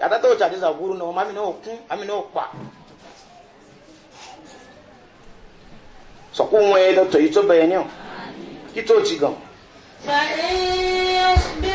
yàtọ̀ tó tsa disa guru náà mami náà kún mami náà kpa sọkún wọn yẹn lọtọ yìí tó bẹyẹ ní ọ kí Fa ti gàn.
fàyè yóò bí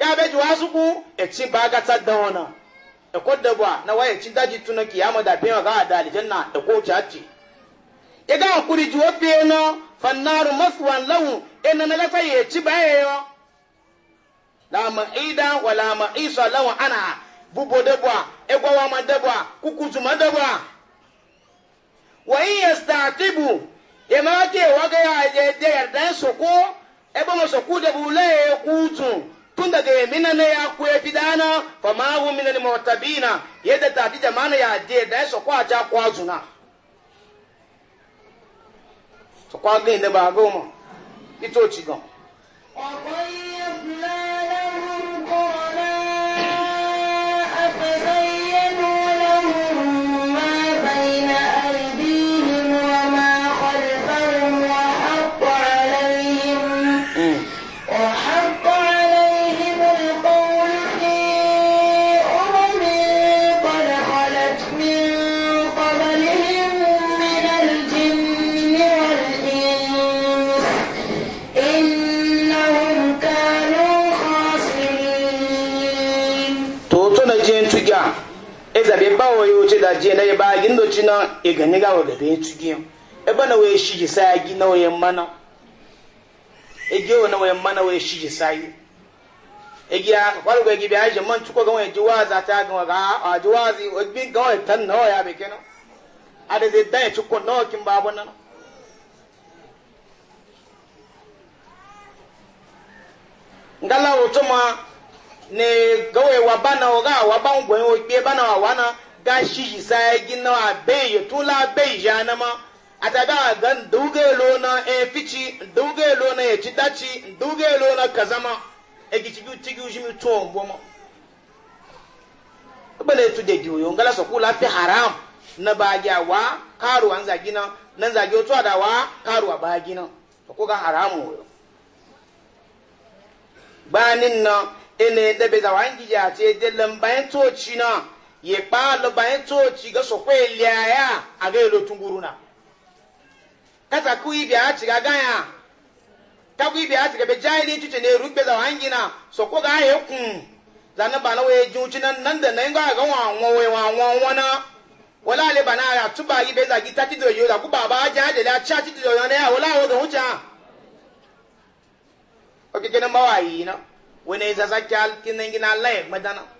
ya beji wasu ku eci ba gata da wana e kodda na wa ci daji tuna ama da biyan ga da aljanna na e ko ci ya e ga hakuri ji e na fannaru maswan lahu e na naga sai ba ci baye yo la ma'ida wala ma'isa lahu ana bubo de ba e gwawa ma de ba kukuzu ma de ba ya in yastatibu e ma ke waga ya je de yardan su kunda ga yemina ya kwe e fa ma hu min al-mu'tabina yadda ta ti jamana ya de da so kwa ja kwa zuna kwa ne ba go gaje na ba gi ndo chi na e ganye ga wa gabe tu gi e bana we shi ji sa gi na we mana e gi na we mana we shi ji sa gi e gi a walu ga gi bi a je man chu ko ga ah, ah, ji wa za ta ga ga a ji wa zi o bi ga we tan no ya be kenan a na. zai dan chu ko no kin ba bona no ngala utuma ne gawe wabana oga wabangu gwe bana ga shi sa ya gina wa bai ya tula bai ya nama ma a ta ga gan duge lona e fici duge lona ya ci daci duge lona ka zama e ki ci ci gi jimi to mbo ma e bale tu de gi yo ngala so kula fi haram na ba a wa karu an zagi na nan zagi o da wa karu a ba na to ko ga haramu ba banin na ene da be an wangi ya ce dillan bayan toci na ye kpaalo bayan tsoci ga sokwe liyaya a ga ilo tunguruna kasa ku ibi a ciga ya ta ku ibi a ciga be jahili tuce ne rugbe za wangina sokwe ga ya kun zana ba na waye juci nan nan da nan ga ga wa wawe wa wana wala le bana ya tuba yi be za gi ta tido yo da ku baba ja de la cha tido yo ne ya wala wo don cha o ke kenan yi na wani zaza kyal kinan gina lai na. E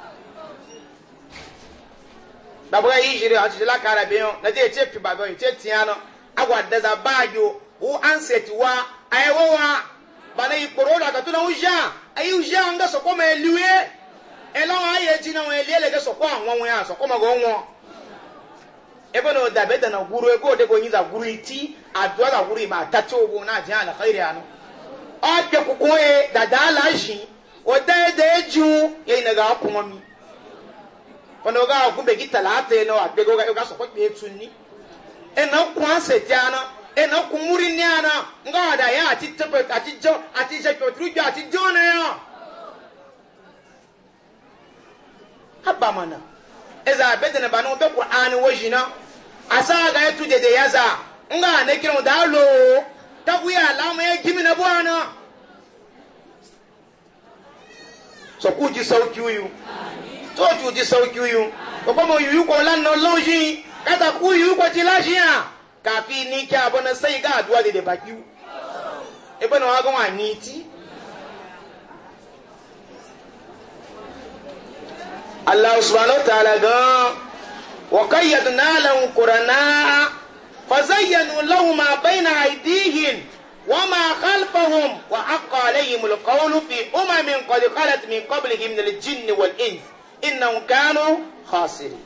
dabuga yi jiri a jijila kara biyu na je ce fi ba biyu ce tiyano agwa da za ba yo wu an seti wa ayewowa ba na ikporo da ka ayi an ga sokwa ma eliwe elawa aye ji na wani lele ga sokwa anwa wani a ma ga ebe na na guru ego odego yi za guru iti aduwa za guru ima tati ogo na ala khairi anu ọ ye dada wanda ga gube gi talata yana wa bego ga ga sokwa be tunni ena kwa se ku ena kumuri ana. nga da ya ati tepe ati jo ati je ko tru jo ati jo na ya abba mana eza bedene banu be qur'an wajina asa ga yetu dede za. nga ne kiran da lo tabuya alama ya gimi na bu ana. so ji sauki huyu amin tó o tù ti sọ ojú yìí kókó mo yìí kọ́ lánàá lọ́yìn kátà kú yìí kọ́ ti láṣìí hàn kàfi ní kí abọ́nà sẹ́yìn ká àdúrà dèdè wa ni ti Allah subhanahu wa ta'ala gan wa qayyadna lahum qurana fa zayyanu lahum ma bayna aydihim wa ma khalfahum wa aqqa alayhim alqawlu fi umamin qad khalat min qablihim min al-jinn wal-ins innan kanu khasiri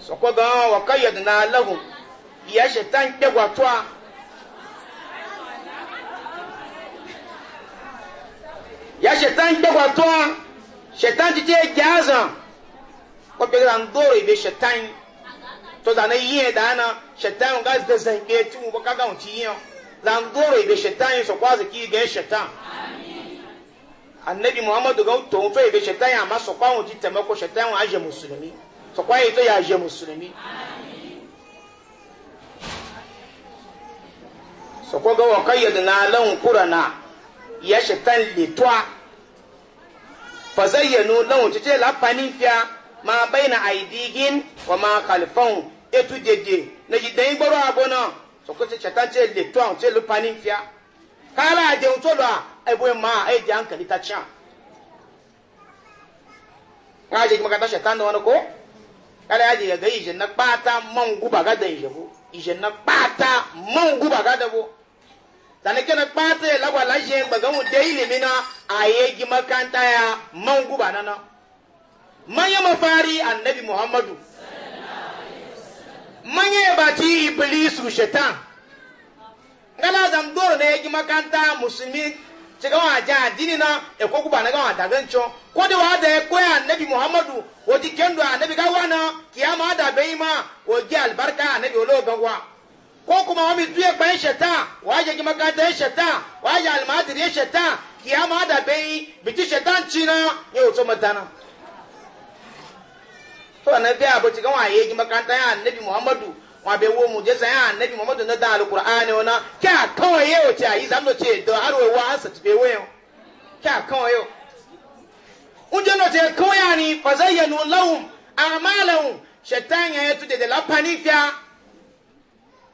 soko gan wa kayyadna lahum ya shaitan kegwa toa ya shaitan kegwa toa shaitan ti je jaza ko be ran dore be shaitan to da na yiye da na shaitan ga da zan ke tu ba ka ga unti yo ran dore be shaitan so kwazi ki ga shaitan amin annabi muhammadu ga to fe be shetan ya ma sokwa won ti ko shetan won aje musulmi sokwa yi to ya aje musulmi sokwa ga wa qayyadna lahum qurana ya shetan litwa fazayyanu lahum tije la panifia ma baina aidigin wa ma khalfahum etu dede na yi jidan gboro abona sokwa ti shetan je litwa won ti lu panifia kala ajeun to lo a ebo ma ai ji hankali ta can ya je maka ta shaitan da wani ko kala ya je ya ga ije na kpata man guba ga da ije bo ije na kpata man guba ga da bo sani kene kpata ya lagwa la je gbaga mu da ilimi na aye gi makanta ya man guba na na manya mafari annabi muhammadu manya ya baci iblisu shaitan ngala zam doro ne ya gi makanta musulmi shiga wa jan addini na eko kuba na gawa dagan cho ko da wa da ko ya nabi muhammadu o di kendo nabi ga wana kiyama da bai ma o ji albarka nabi olo gangwa ko kuma wa mi duye kwen sheta wa je ki makanta sheta wa je almadiri sheta kiyama da bai biti shetan china ye o to matana to na bi abo ti ga wa ye ki makanta ya nabi muhammadu wa be wo mu je sai annabi muhammadu na da alqur'ani ona kya kawai yau ce ayi zan ce do har wo wa sa tibe wo kya kawai o unje no je kawai ni fazayyanu lahum a'malahum shaitan ya tu de la panifia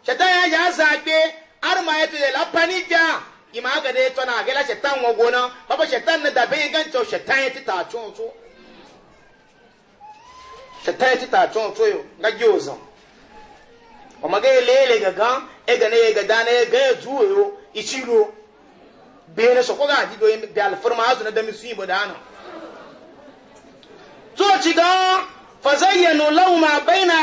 shaitan ya ya gbe arma ya tu de la panifia ima ga de to na ga shaitan wo gona baba shaitan na da be gan to shaitan ya ta tun so shaitan ya ta tun so yo ga gyozo ọmọge eleele gangan egana ye gadana ye gaya zuwe yo ichiro bene soko ga adi doye bi alfarma azu na dami su to ci ga fazayyanu lahum ma baina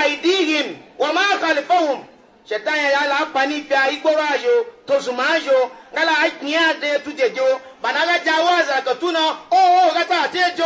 wa ma khalfahum shaitan ya la pani bi igboro ajo to zuma ajo ngala akiya de tu dejo banaga jawaza ka tuna o o oh, oh, gata tejo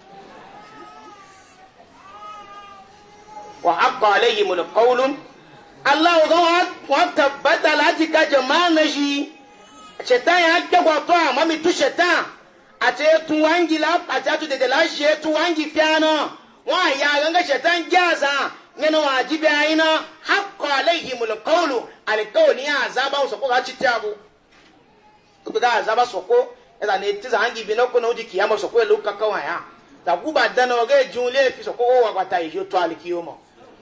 wa haƙa alayhi mulkaulun Allah zan wa tabbata lati ka jama'a na shi shetan ya ke a mami tu shetan a ce tu wangi la a ce tu dede la shi tu wangi fiana wa ya ganga shetan gyaza yana wa jibi ayina haƙa alayhi mulkaulu alkauli ya azaba su ko ga ci tiabu ku ga ne ko kiyama ya dana ga jun le fi su ko wa kwata yi to alkiyoma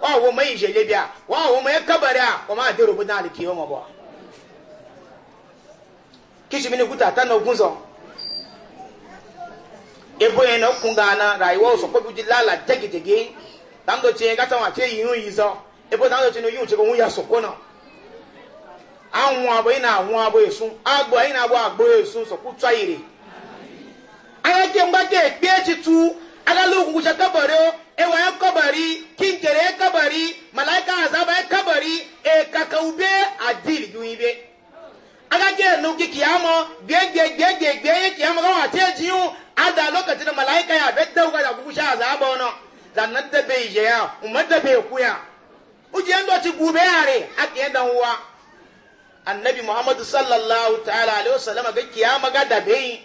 wa wo mai jele a wa wo mai kabara wa ma dero buna al kiyoma ba kishi mini kuta ta na gunzo ebo na na ga na raiwo so ko buji lala tegi tegi dan do che ga ta wa che yun yi ebo dan na che no ya na anwụ abụọ ị na-anwụ abụọ esu agbụ anyị na-agbụ agbụ esu sọkwụtụ ayiri anya ke mgbake ekpe echitu agala ugwu gwụcha E, ya kabari kinkere ya kabari malaika azaba ya kabari e kakaube adil juibe aga ge nu ki kiyama ge ge ge ge ge ye kiyama ga wa te jiu ada lokacin malaika ya bedda ga da gusha azaba wono zannan da bai je ya umar da bai kuya uje ndo ci gube yare ake yanda huwa annabi muhammadu sallallahu ta'ala alaihi wasallam ga kiyama ga da bai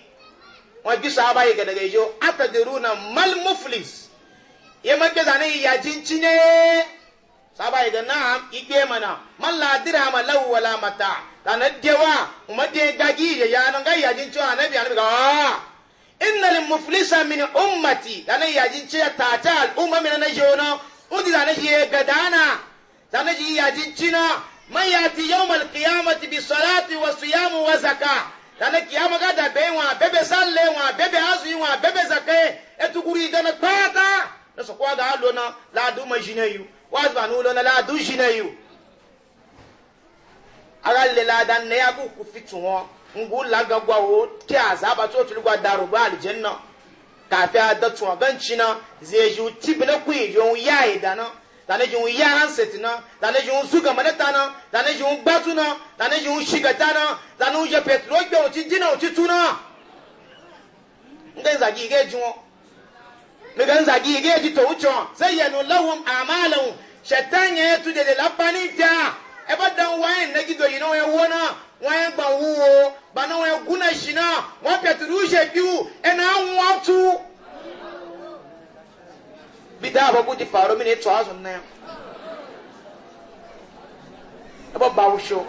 wa bi sahaba ga daga ijo atadiruna mal muflis ye magbe zane ya jinci ne saba idan na igbe mana man la dirhama lahu wala mata dana dewa kuma de gagi ya ya nan ga ya jinci annabi annabi ga innal muflisa min ummati dana ya jinci ta ta al umma min na jona udi zane je gadana zane ji ya jinci na man yati yawmal qiyamati bi salati wa siyam wa zakah dana kiyama ga da bewa bebe salle wa bebe azu wa bebe zakai etukuri dana kwata na so kwa da lo na la du ma jine yu wa ba la du jine yu ara le la dan ne ya ku ku fitu won la gagwa wo ti azaba to tu gwa daru ba aljanna ka fi ada tu gan china ze ju ti bi na ku yo ya idana dane ji un yaran setina dane ji un suga manatana dane ji un batuna dane ji un shigatana dane un je petrol gbe o ti dina tuna ngai zagi ge daga zagi ga ji to wucin zayyanu lahum amalan shaitan ya tu de lapani ta e ba dan wayan na gido yino ya wona wayan ba wuwo ba na wayan guna shina wa petru she biu e na watu bida ba ku ji faro mini to azun na e ba ba wusho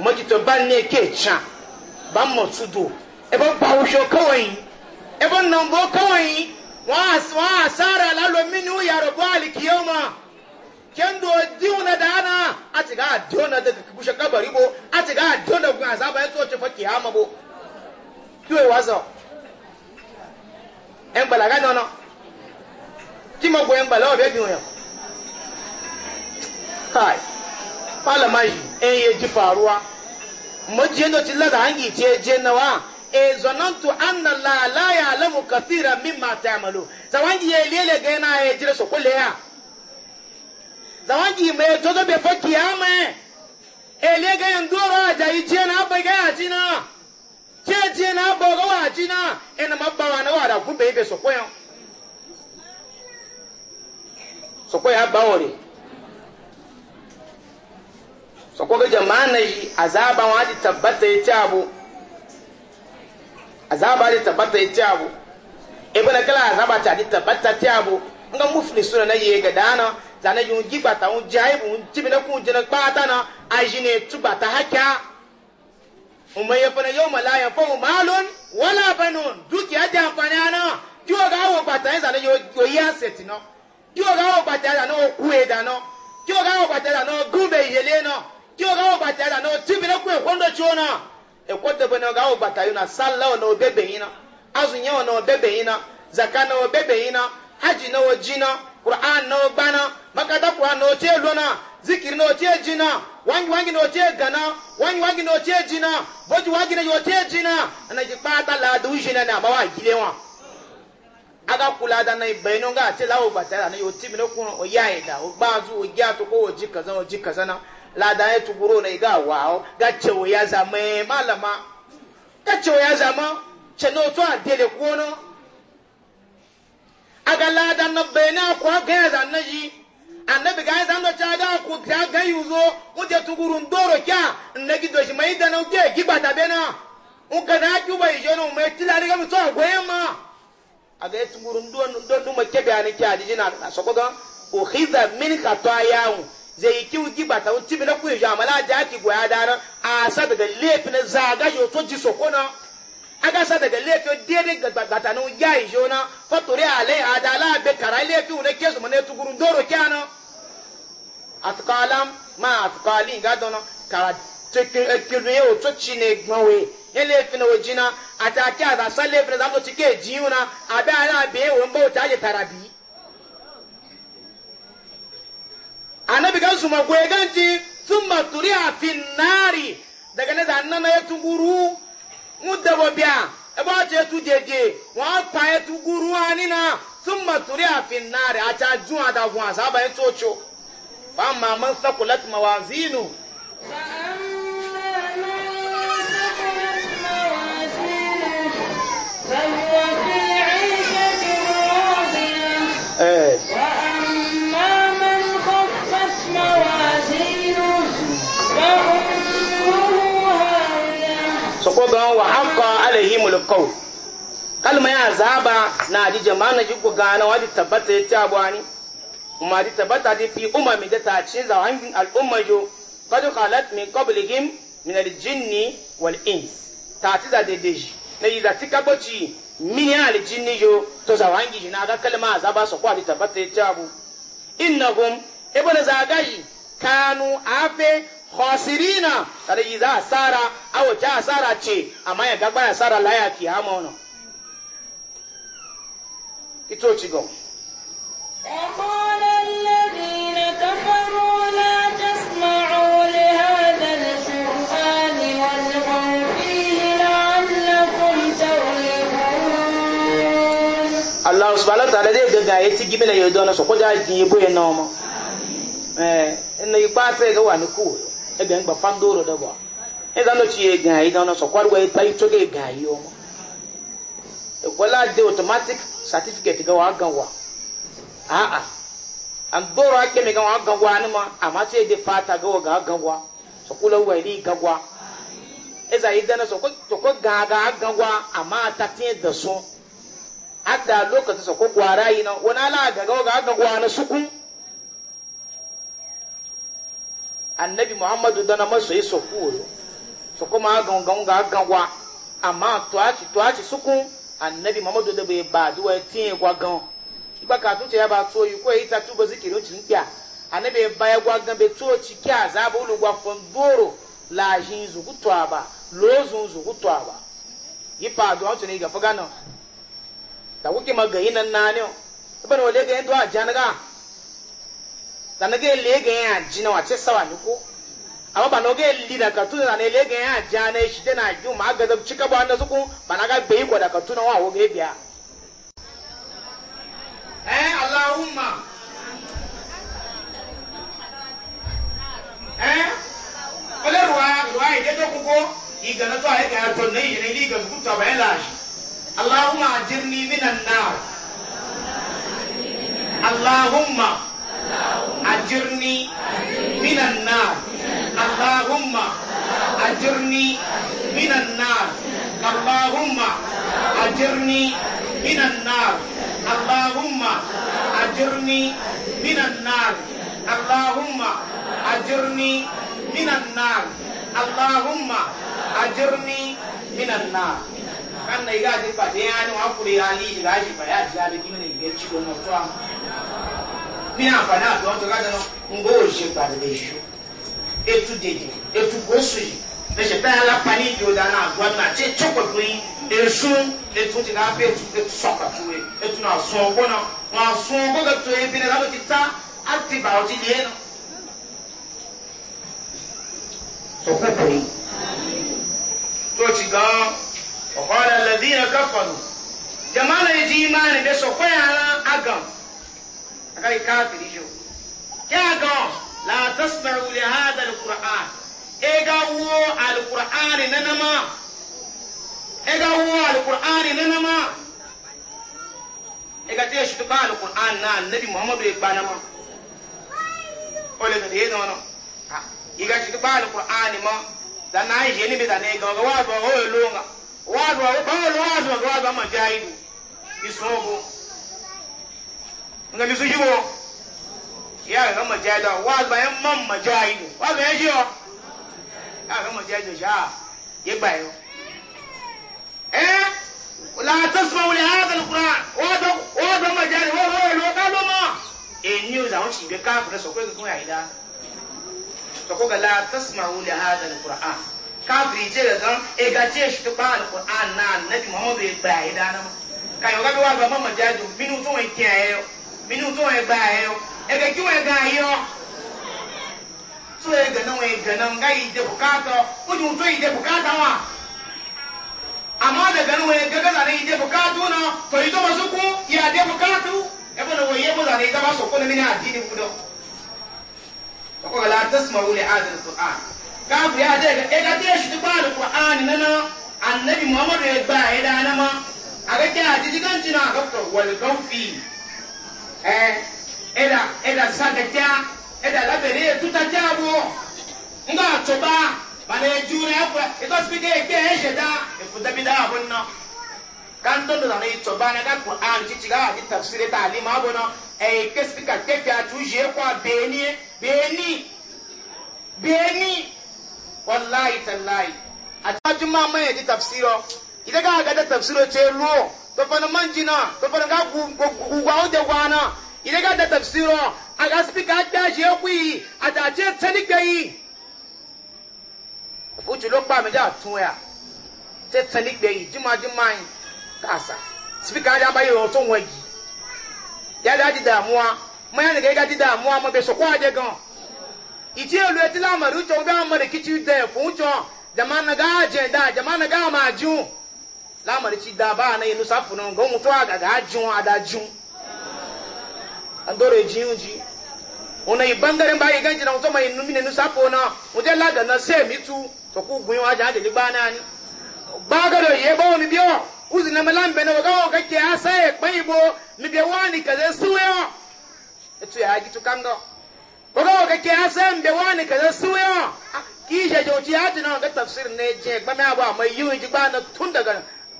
mo ji to ban ne ke cha ban mo tudo e ba ba wusho kawai e ba nan bo kawai wa asara lalo minu ya rabu alikiyama kendo diuna da ana a ti ga diuna da kushe kabari bo a ti ga diuna ku azaba ya tsoce fa kiyama bo kiwe wazo en balaga nono kimo ko en balaga be biyo kai pala mai en ye ji faruwa mo jeno ti lada hangi ti je wa. e eh, zonantu anna la la ya'lamu kathira mimma ta'malu zawangi ye lele ga na ye jira so kole ya zawangi me to do be fakki ame e le ga yan doro aja yi je na ba ga aji na je je na ba ga wa aji na e na mabba wa na wa da ku be be so koyan so koya ba wore so ko ga jama'a na yi azaba wa ji tabbata ya ci abu azaba da tabbata ya ci abu ibn kala azaba ta di tabbata ti abu nga mufli sura na yega dana zana yun gigba un jaibu un tibina jina kpata na ajine tuba hakya umma malun wala banun amfani ana zana yo yi asset no zana eda no zana yele no zana ekwodobe na ga awụbata yi na sala ọ na obebeghị na azụ ya ọ na obebeghị na zaka na obebeghị na haji na oji na qur'an na ogbana makata qur'an na oche elu na zikiri na oche ji na wanyi wanyi na oche gana wanyi wanyi na oche ji na boji wanyi na oche ji na ana ji kpata lada uji na na abawa gile nwa. aga kula da na ibe no ga ce lawo bata na yo tibi no kun o yayi da o gbazu o gya to o ji kaza o ji kaza na ladan ya tuguro na iga wawo ga cewa ya zama malama ga cewa ya zama no to a dele kono aga ladan na bena ko ga ya zanna ji annabi ga ya zanna ta ga ku ga ga yuzo mu je tukuru ndoro kya na gido shi mai da na ke ta bena un ka na ki bai je no mai tilari ga mu to goyen ma aga ya ndo ndo ndon mu ke bayani kya ji na sokoga khiza min mu. zai ki kiwu giba ta wun tibila kuyi ja mala ja ki goya dana a sa daga lefi na zaga yo to ji sokona aga sa daga lefi o dede gbagbata nu ya yi jona fatori ale a da adala be kara lefi wuna kesu mana tugurun doro kyana atukalam ma atukali ga dona kara tekin ekinu ye o to ci ne gbawe ye lefi na wajina ataki adasa lefi na zato ci ke jiyuna abe ala be wo mbo ta je tarabi annabi kan su magoye ganci sun maturi a finari daga ne zanna na ya tuguru mu dabo biya ebe ọcha etu jeje wọn apa ya tuguru ani na sun maturi a finari a ca ju a da vuwa saba ya tsoco ba ma man sakulat mawazinu awwal qawl kalma ya zaba na di jama'an ji ku gana wadi tabbata yace abwani kuma di tabbata di fi umami da ta cin zawangin al'umma jo kadu khalat min qablihim min al-jinni wal ins ta ci da deji na yi da tika boci min ya al-jinni jo to zawangi na ga kalma zaba su kwa di tabbata yace abu innahum ibn zagayi kanu afe khasirina tare yi za asara awo ta asara ce amma ya gagba asara laya kiyama ono وقال الذين كفروا لا تسمعوا لهذا
القرآن والغوا فيه لعلكم تغلبون
الله سبحانه وتعالى دي غغا يتي جيمنا يدونا سو كوجا جيبو ينوم eh ina yi ba E, ebe ngba fandoro da ba eza no chi ye gan yi dan so kwaru e tai to ge gan yi o e kwala de otomatik certificate ga wa gan wa a a agboro ake me ka wa gan wa ni ma ama to e de fata ga wa gan wa so kula wa ri gan wa eza yi dan so ko to ko gan ga gan wa ma ta tin da a da lokacin so ko gwara yi na wani ala ga ga gan wa na sukun annabi muhammadu dana maso yi sokuwo soko ma gangan ga gangwa amma tuwaci tuwaci sukun annabi muhammadu da bai ba duwa tiye gwa gan ka tun ya ba to yi ko yi ta tuba zikirin cin kya annabi ba ya gwa gan bai to ci kya za ba ulu gwa fondoro lajin zugutwa ba lozun zugutwa ba yi pa an tun ga faga nan da kuke magayi nan na ne ibn wale ga yin duwa janaga dana ge lege ya ji na wace sawa ni ko amma ba noge li da katu na ne lege ya ji na shi da na ju ma ga zabci ka ba na zuku ba na ga bai ko da katu na wawo ge biya eh allahumma eh wala ruwa ruwa ide to kuko iga na to ai ga to ne ne ni ga zuku ta bai la shi allahumma ajirni minan nar allahumma أجرني من النار اللهم أجرني من النار اللهم أجرني من النار اللهم أجرني من النار اللهم أجرني من النار اللهم أجرني من النار kan na iga ti pàdé yanu akuri ali ìlàjì fàyà àti adé kí ni ìgbẹ́ tí o mọ̀ tó àwọn. ní àǹfààní àti wọn tó ká dáná ń gbọ́ òṣè pàdébé etu dèdè etu gbósù yìí lẹsẹ bẹ́ẹ̀ alápá ìdí ọ̀dà náà pẹ̀lú èso etu ti náà fẹ́ etu etu sọ̀kà tó yẹ etu náà sún ọgbọ́n náà wọn sún ọgbọ́n tó yẹ bí náà ta lé pẹ̀lú tó ti gan ọ̀kọ́ lẹ́dí yẹn jẹ̀mọ́ akai kafiri jo ya ga la tasma'u hada alquran e ga wo nanama e ga wo alquran nanama e ga te shi to ba alquran na annabi muhammadu ma da na ni bi da ne ga wa nga mi suji bo ya ga majahid wa ba yan man majahid wa ba yaji ya ga majahid sha ye gba yo eh la tasma'u li hadha alquran wa do wa do majahid wa wa lo eh, ka lo ma e ni o za won ti be ka fere so ko ko ya ida so ko ga la tasma'u li hadha alquran kafiri je ga gan e ga je shi ba alquran na annabi muhammad be gba ida na ka yo ga wa ba mamajahid minu to won ti ayo minu ko e ba e yo e be ki we ga yo so e ga no e ga no ga i de bukata o ju to i de bukata wa amma da ganin wani gaga zane ide bukatu na to ito masu ku ya de bukatu e bana waye mu zane ita ba so ko na mini addini ku do ko la tasma'u li hadha al-qur'an ka bu ya de e ga te shi ba al-qur'an nana annabi muhammadu ya ba ya da na ma aga ke hadisi kan cina ga wal gawfi ɛɛ ɛda ɛda sagajá ɛda labɛnni tutajá wɔ nga atoba bana ejuure ɛfura because bi kee kee ɛhyɛ da efudabi da abo nnɔ kanto do nana itoba na ka kun an titi ka ati tafsiri ta ali ma abo nnɔ ɛyɛ kesi ka keke atu yie kɔ a beeni beeni beeni walayi talayi ati ma juma ma yɛ di tafsiri ɔ ite ka aga da tafsiri o tɛ lu o to fana manjina to fana ga gugwa onde gwana ile ga da tafsiro aga spika ta je kwi ata je tani gayi fuju lo pa mi ja tun ya je tani gayi jima jima yin kasa spika ja bayi o to won yi ya da di damuwa mo ya ni ga di damuwa mo be so kwa je gan iti elu etila maru jo ga mare kichi de fun jo jama na ga je da jama na ga ma ju lamari da ba na yinu safu na ngon mutu aga ga ajun adajun andoro ejin ona ibangare ji na mutu mai numi ne safu na uje na se mitu to ku gun wa ja de gba na ni ba ga do ye uzi na malambe na ga ke asa ni suwe o etu ya ji kando ati na ga tafsir ne je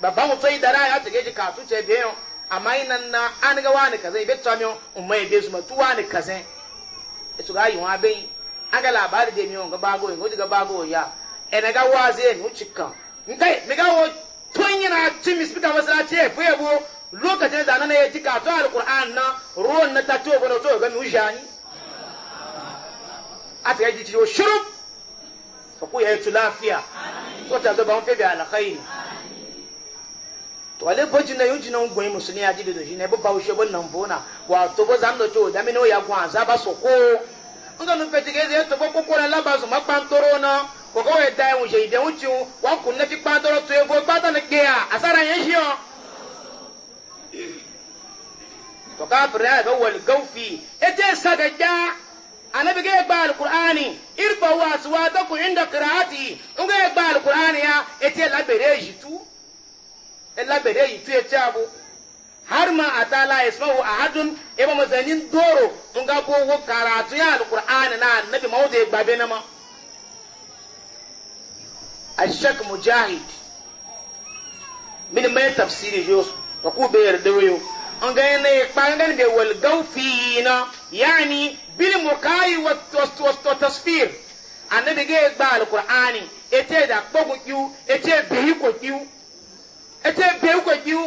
babban mutum da raya ta geji kasu ce biyan amma ina na an ga wani kaza ibe tsamiyo umma ibe su matu wani kaza su ga yi wa bai an ga labari da miyon ga bago yin ga bago ya e na ga wazi yin wuci kan ngai mi ga wo tun yana cin mi spika masallaci ya fiye bo lokacin da nan ya ji kasu alquran na ruwan na ta to bana to ga mi wujani a ta yi ji ciwo shurub ko ku ya yi lafiya ko ta zo ba mun fi bi alkhairi wale boji na yunji na ngwe musuni ya jibi do jine baba ushe bon nan bona wa to bo zando cho da mino ya gwa za ba soko nga nu pete geze to bo kokora la ba so ma pantoro na ko ko e dai unje ide unju wa kun na fi pantoro to e bo ta na ke ya asara yen shi o to ka bra ga wal gawfi ete saga ja anabi ga gba alqur'ani irfa wa aswatakum inda qira'ati nga gba alqur'ani ya ete la bere tu. illa bere yi fiye ci abu har ma a tala ismahu a hajjun iba mazanin doro tun ga gogo karatu ya Alƙur'ani na annabi mawuzi ya gbabe na ma ashak mujahid min mai tafsiri yosu ta ku bai yarda yo an ga yana ya kpangan da wal gaufi na yani bil mukayi wa tasfir annabi ga ya gba alkur'ani ete da kiwu kiw ete bihi ko kiw ete be ko biu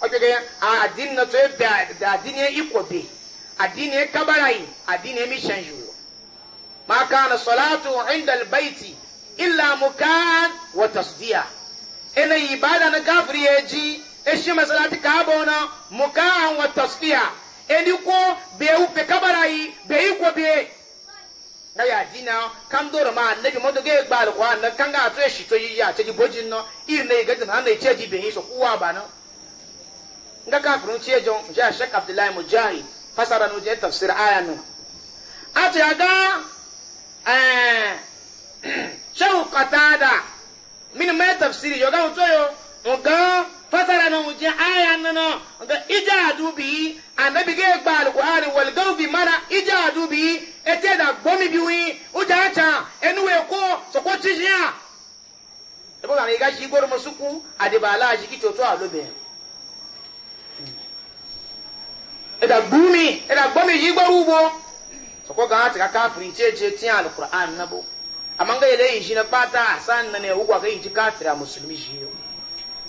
a Adi na to be adin ye ikobe adin ye kabarai adin ye mission maka na kana salatu inda albayti illa mukan wa tasdiya ina ibada e e na kafiri yeji eshi masalati kabona mukaan wa tasdiya eni ko be upe kabarai be ikobe na ya di na kan doro ma annabi gba alquran na kan ga to shi to yi ya ce ji boji no ir na ga na na ce ji be so kuwa ba no nga ka furun ce jo ja shek abdullahi mujahid fasara no je tafsir aya no a ce ga eh [CLEARS THROAT] shehu qatada min ma tafsiri yo ga to yo nga fasara no je aya no no nga ijadu bi wal mana ijadu bi ete da gbomi bi wi uja acha enu eko soko tijia ebo ga ga ji goro musuku adibala ji ki toto alobe eda gbomi eda gbomi ji goro ubo soko ga ati kaka firi cheche tin alquran nabo amanga yele yi na bata san na ne ugwa ga ji kafira musulmi ji yo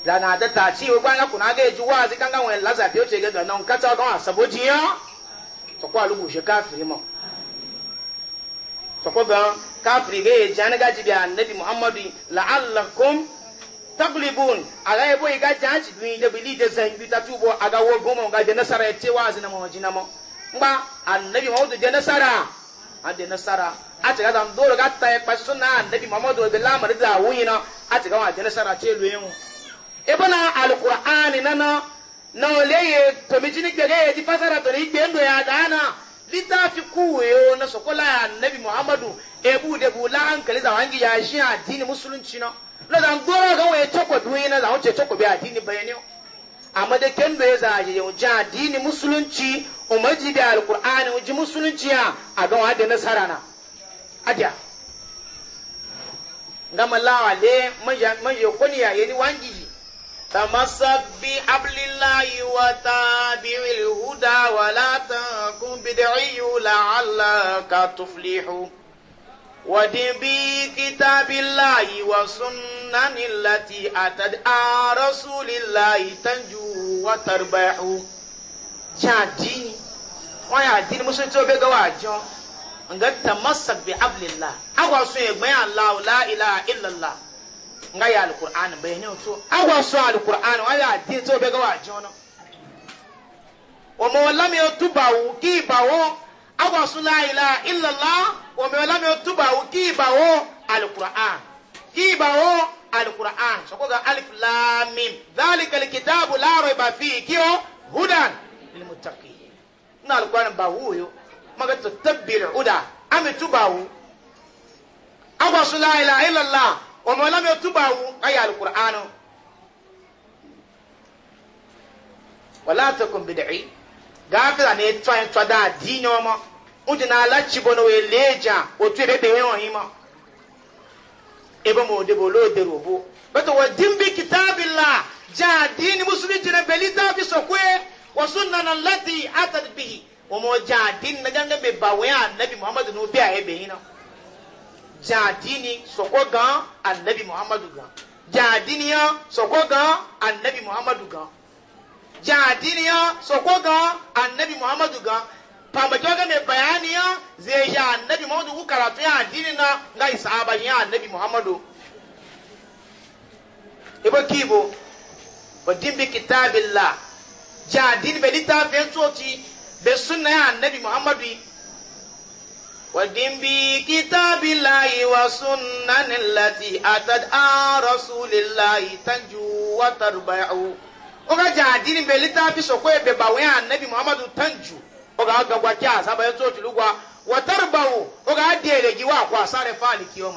da na da ta ci ugwa na kuna ga ji wazi kanga wen lazafi o chege da non kata ga sabojiyo soko alugu je kafiri mo soko bɛn kafiri ge ye jani ka jibi anabi muhammadu la'allakum taglibun aga ye boyi ka jan ci dun de bili de zan bi tatu bo aga wo gomo ga de nasara ye wa wazi na mo jina mo ngba anabi muhammadu de nasara a de nasara a ti ka zan doro ka ta ye kpasi so na anabi muhammadu de lamari da wuyi na a ti ka wa de nasara ce lu yin e bana alqur'ani nana na ole ye tomi jini gbege ye di fasara to ni gbendo ya dana littafi kuwayo na sokola ya annabi muhammadu ebu de bu la hankali za wangi ya shi addini musulunci na lo da ngoro ga we tako duwe na zan wuce tako bi addini bayani amma da kendo ya za ya yau jan addini musulunci umarji da alkur'ani uji musulunci ya a ga wa da nasara na adiya gama lawale manja kwani koniya yi wangi تمسك بحبل الله وتابع الهدى ولا تكن بدعي لعلك تفلح ودن بكتاب الله وسنن التي أتت رسول الله تنجو وتربح شاتي ويا دين مسلم توبي قواجو نقول تمسك بحبل الله أقوى سنة الله لا إله إلا الله nga ya alkur'ani bai ne to agwa so alkur'ani wa ya di to be ga wa jono o mo wala mi otubawo ki bawo agwa so la ilaha illallah o mo wala mi otubawo ki bawo alkur'an ki bawo alkur'an so ko ga alif lam mim zalika alkitabu la raiba fihi kiyo hudan lil muttaqin na alkur'an ba huyo maga to tabbil huda ami tubawu agwa so la ilaha illallah ọmọ ọlámi ọtúbà wù káyà alukur'anu wàlá wala bìdìrì gáfíà ní ètò ẹ̀tọ́ dáa dì ní ọmọ ń jìnnà alájìbọn náà wọ́n lé jà òtún èdè bẹ̀rẹ̀ wọ̀nyí mọ́ ebe mo debo olóòdè robo bẹ́tọ̀ wọ́n dín bí kìtàbí la jà dì ní mùsùlùmí jìnnà bẹ̀lí dábì sọ̀kúẹ́ wọ́n sún nana láti àtàdìbì wọ́n mọ̀ jà dì ní nàgàngàn bẹ̀ bàwẹ́ ànábì muhammadu ní ó bí àyẹ̀bẹ̀ jadini soko gan annabi muhammadu gan jadiniya soko gan annabi muhammadu gan jadiniya soko gan annabi muhammadu gan pambajo ga mai bayaniya zai ya annabi muhammadu ku karatu ya addini na ga isaba ya annabi muhammadu ibo kibo wadin bi kitabillah jadini be litafin soci be sunna ya annabi muhammadu ودين بكتاب الله والسنن التي أتت عن رسول الله تنجو وتربع oga jaadini bɛ litaafi sɔkɔ ebe bawe anabi muhammadu tanju oga gagba kí asaba yɛ tó tulu gba wɔtaribawo oga adi elegi wa kó asare ga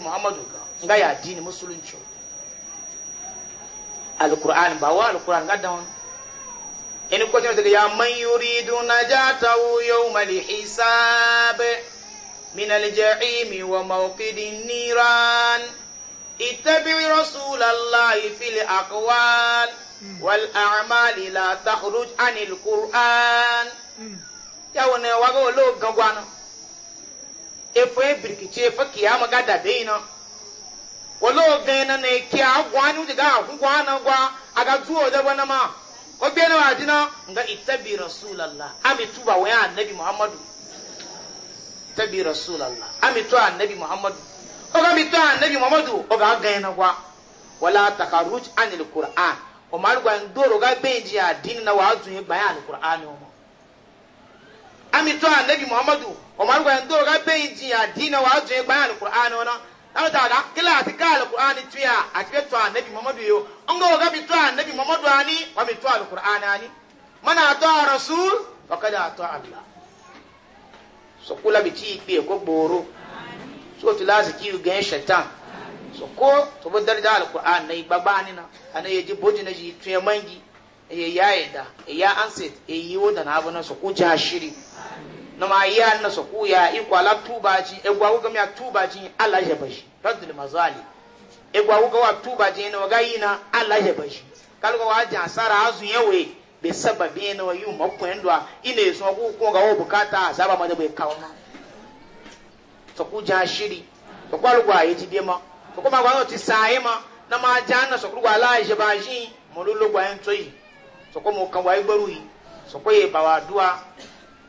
muhammadu ga nga musulunci ga Ini kwacin da ya man yuridu najatahu yawmal hisab min al-ja'im wa mawqidin niran ittabi' rasulallahi fil aqwal wal a'mali la takhruj anil qur'an yawo e e e ne wago lo gagwana efo ebirkiche efo kiyama gada beino wolo gaina ne kiya gwanu diga agwa na gwa aga zuo da bana ma ko bene wa jina nga itabi rasulallah ami tuba wa ya annabi muhammadu ittabi rasulallah ami to anabi muhammadu o ga mi to annabi muhammadu o ga ga yana kwa wala takaruj anil qur'an o mar gwa ndoro ga benji adini na wa azun gba ya alquran o mo ami to annabi muhammadu o mar gwa ndoro ga benji adini na wa azun gba ya alquran o na awo dada kila ati ka alukur'ani tuya ati bɛ to anabi mamadu yau nga wo ka bi to anabi mamadu ani wa bi to alukur'ani ani mana ato a rasul wa ka da ato ala sokula bi ci ikpe ko gbooro so ti laasi ki yu gɛn shaitan so ko to bi darija na yi gbagbaani na ana yi ji boji na yi tuya mangi eya yi da eya anset ya wo da na abu na so ko ja shiri. nama ya na soku ya iko ala tubaji egwa wuga mi tubaji ala ya bashi radul mazali egwa wuga wa tubaji na waga yina ala ya bashi kalgo wa jan sara azu yawe be sababi na wa yu makwendwa ina yeso ku ko ga wo bukata azaba ma da bai kauna soku jan shiri soku algo ayi ti dema soku ma gwa ti sai ma na ma jan na soku ala ya bashi mo lo lo gwa en toyi soku mo kan wa igboru yi soku ye bawa dua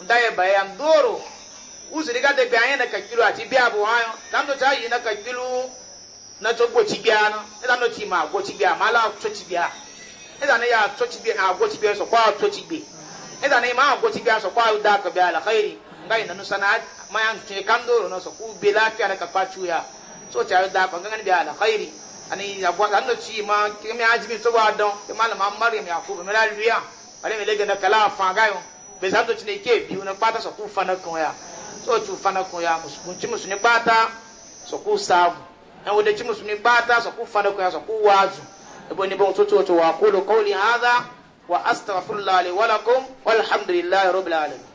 ndaye bayan doro uzuri ga dabi anya na kakilu ati bi abu hayo tanto ta yi na kakilu na to gochi biya no da no ti ma gochi bia ma la to chi biya e da ne ya to chi bia a gochi bia so kwa to chi bia e da ne ma gochi bia so kwa da ka biya ala khairi ngai na nusana ma yan te kan doro no so ku bi lafiya ka ya so ta da ka ngani bia ala khairi ani ya gwa dan no chi ma kimi ajimi so wa don ke malama maryam yakub me la luya ale me lega na kala fa bɛsa tɔ kyinɛ ke biu na kpata sɔku fana kɔn ya so tu fana kɔn ya musu musuni kpata sɔku saabu ɛwɔ de kyi musuni kpata sɔku fana kɔn ya sɔku waazu ebo ni bɔn sotu wɔtɔ wa kolo kɔli hada wa astafurulali walakum walhamdulilayi robilali.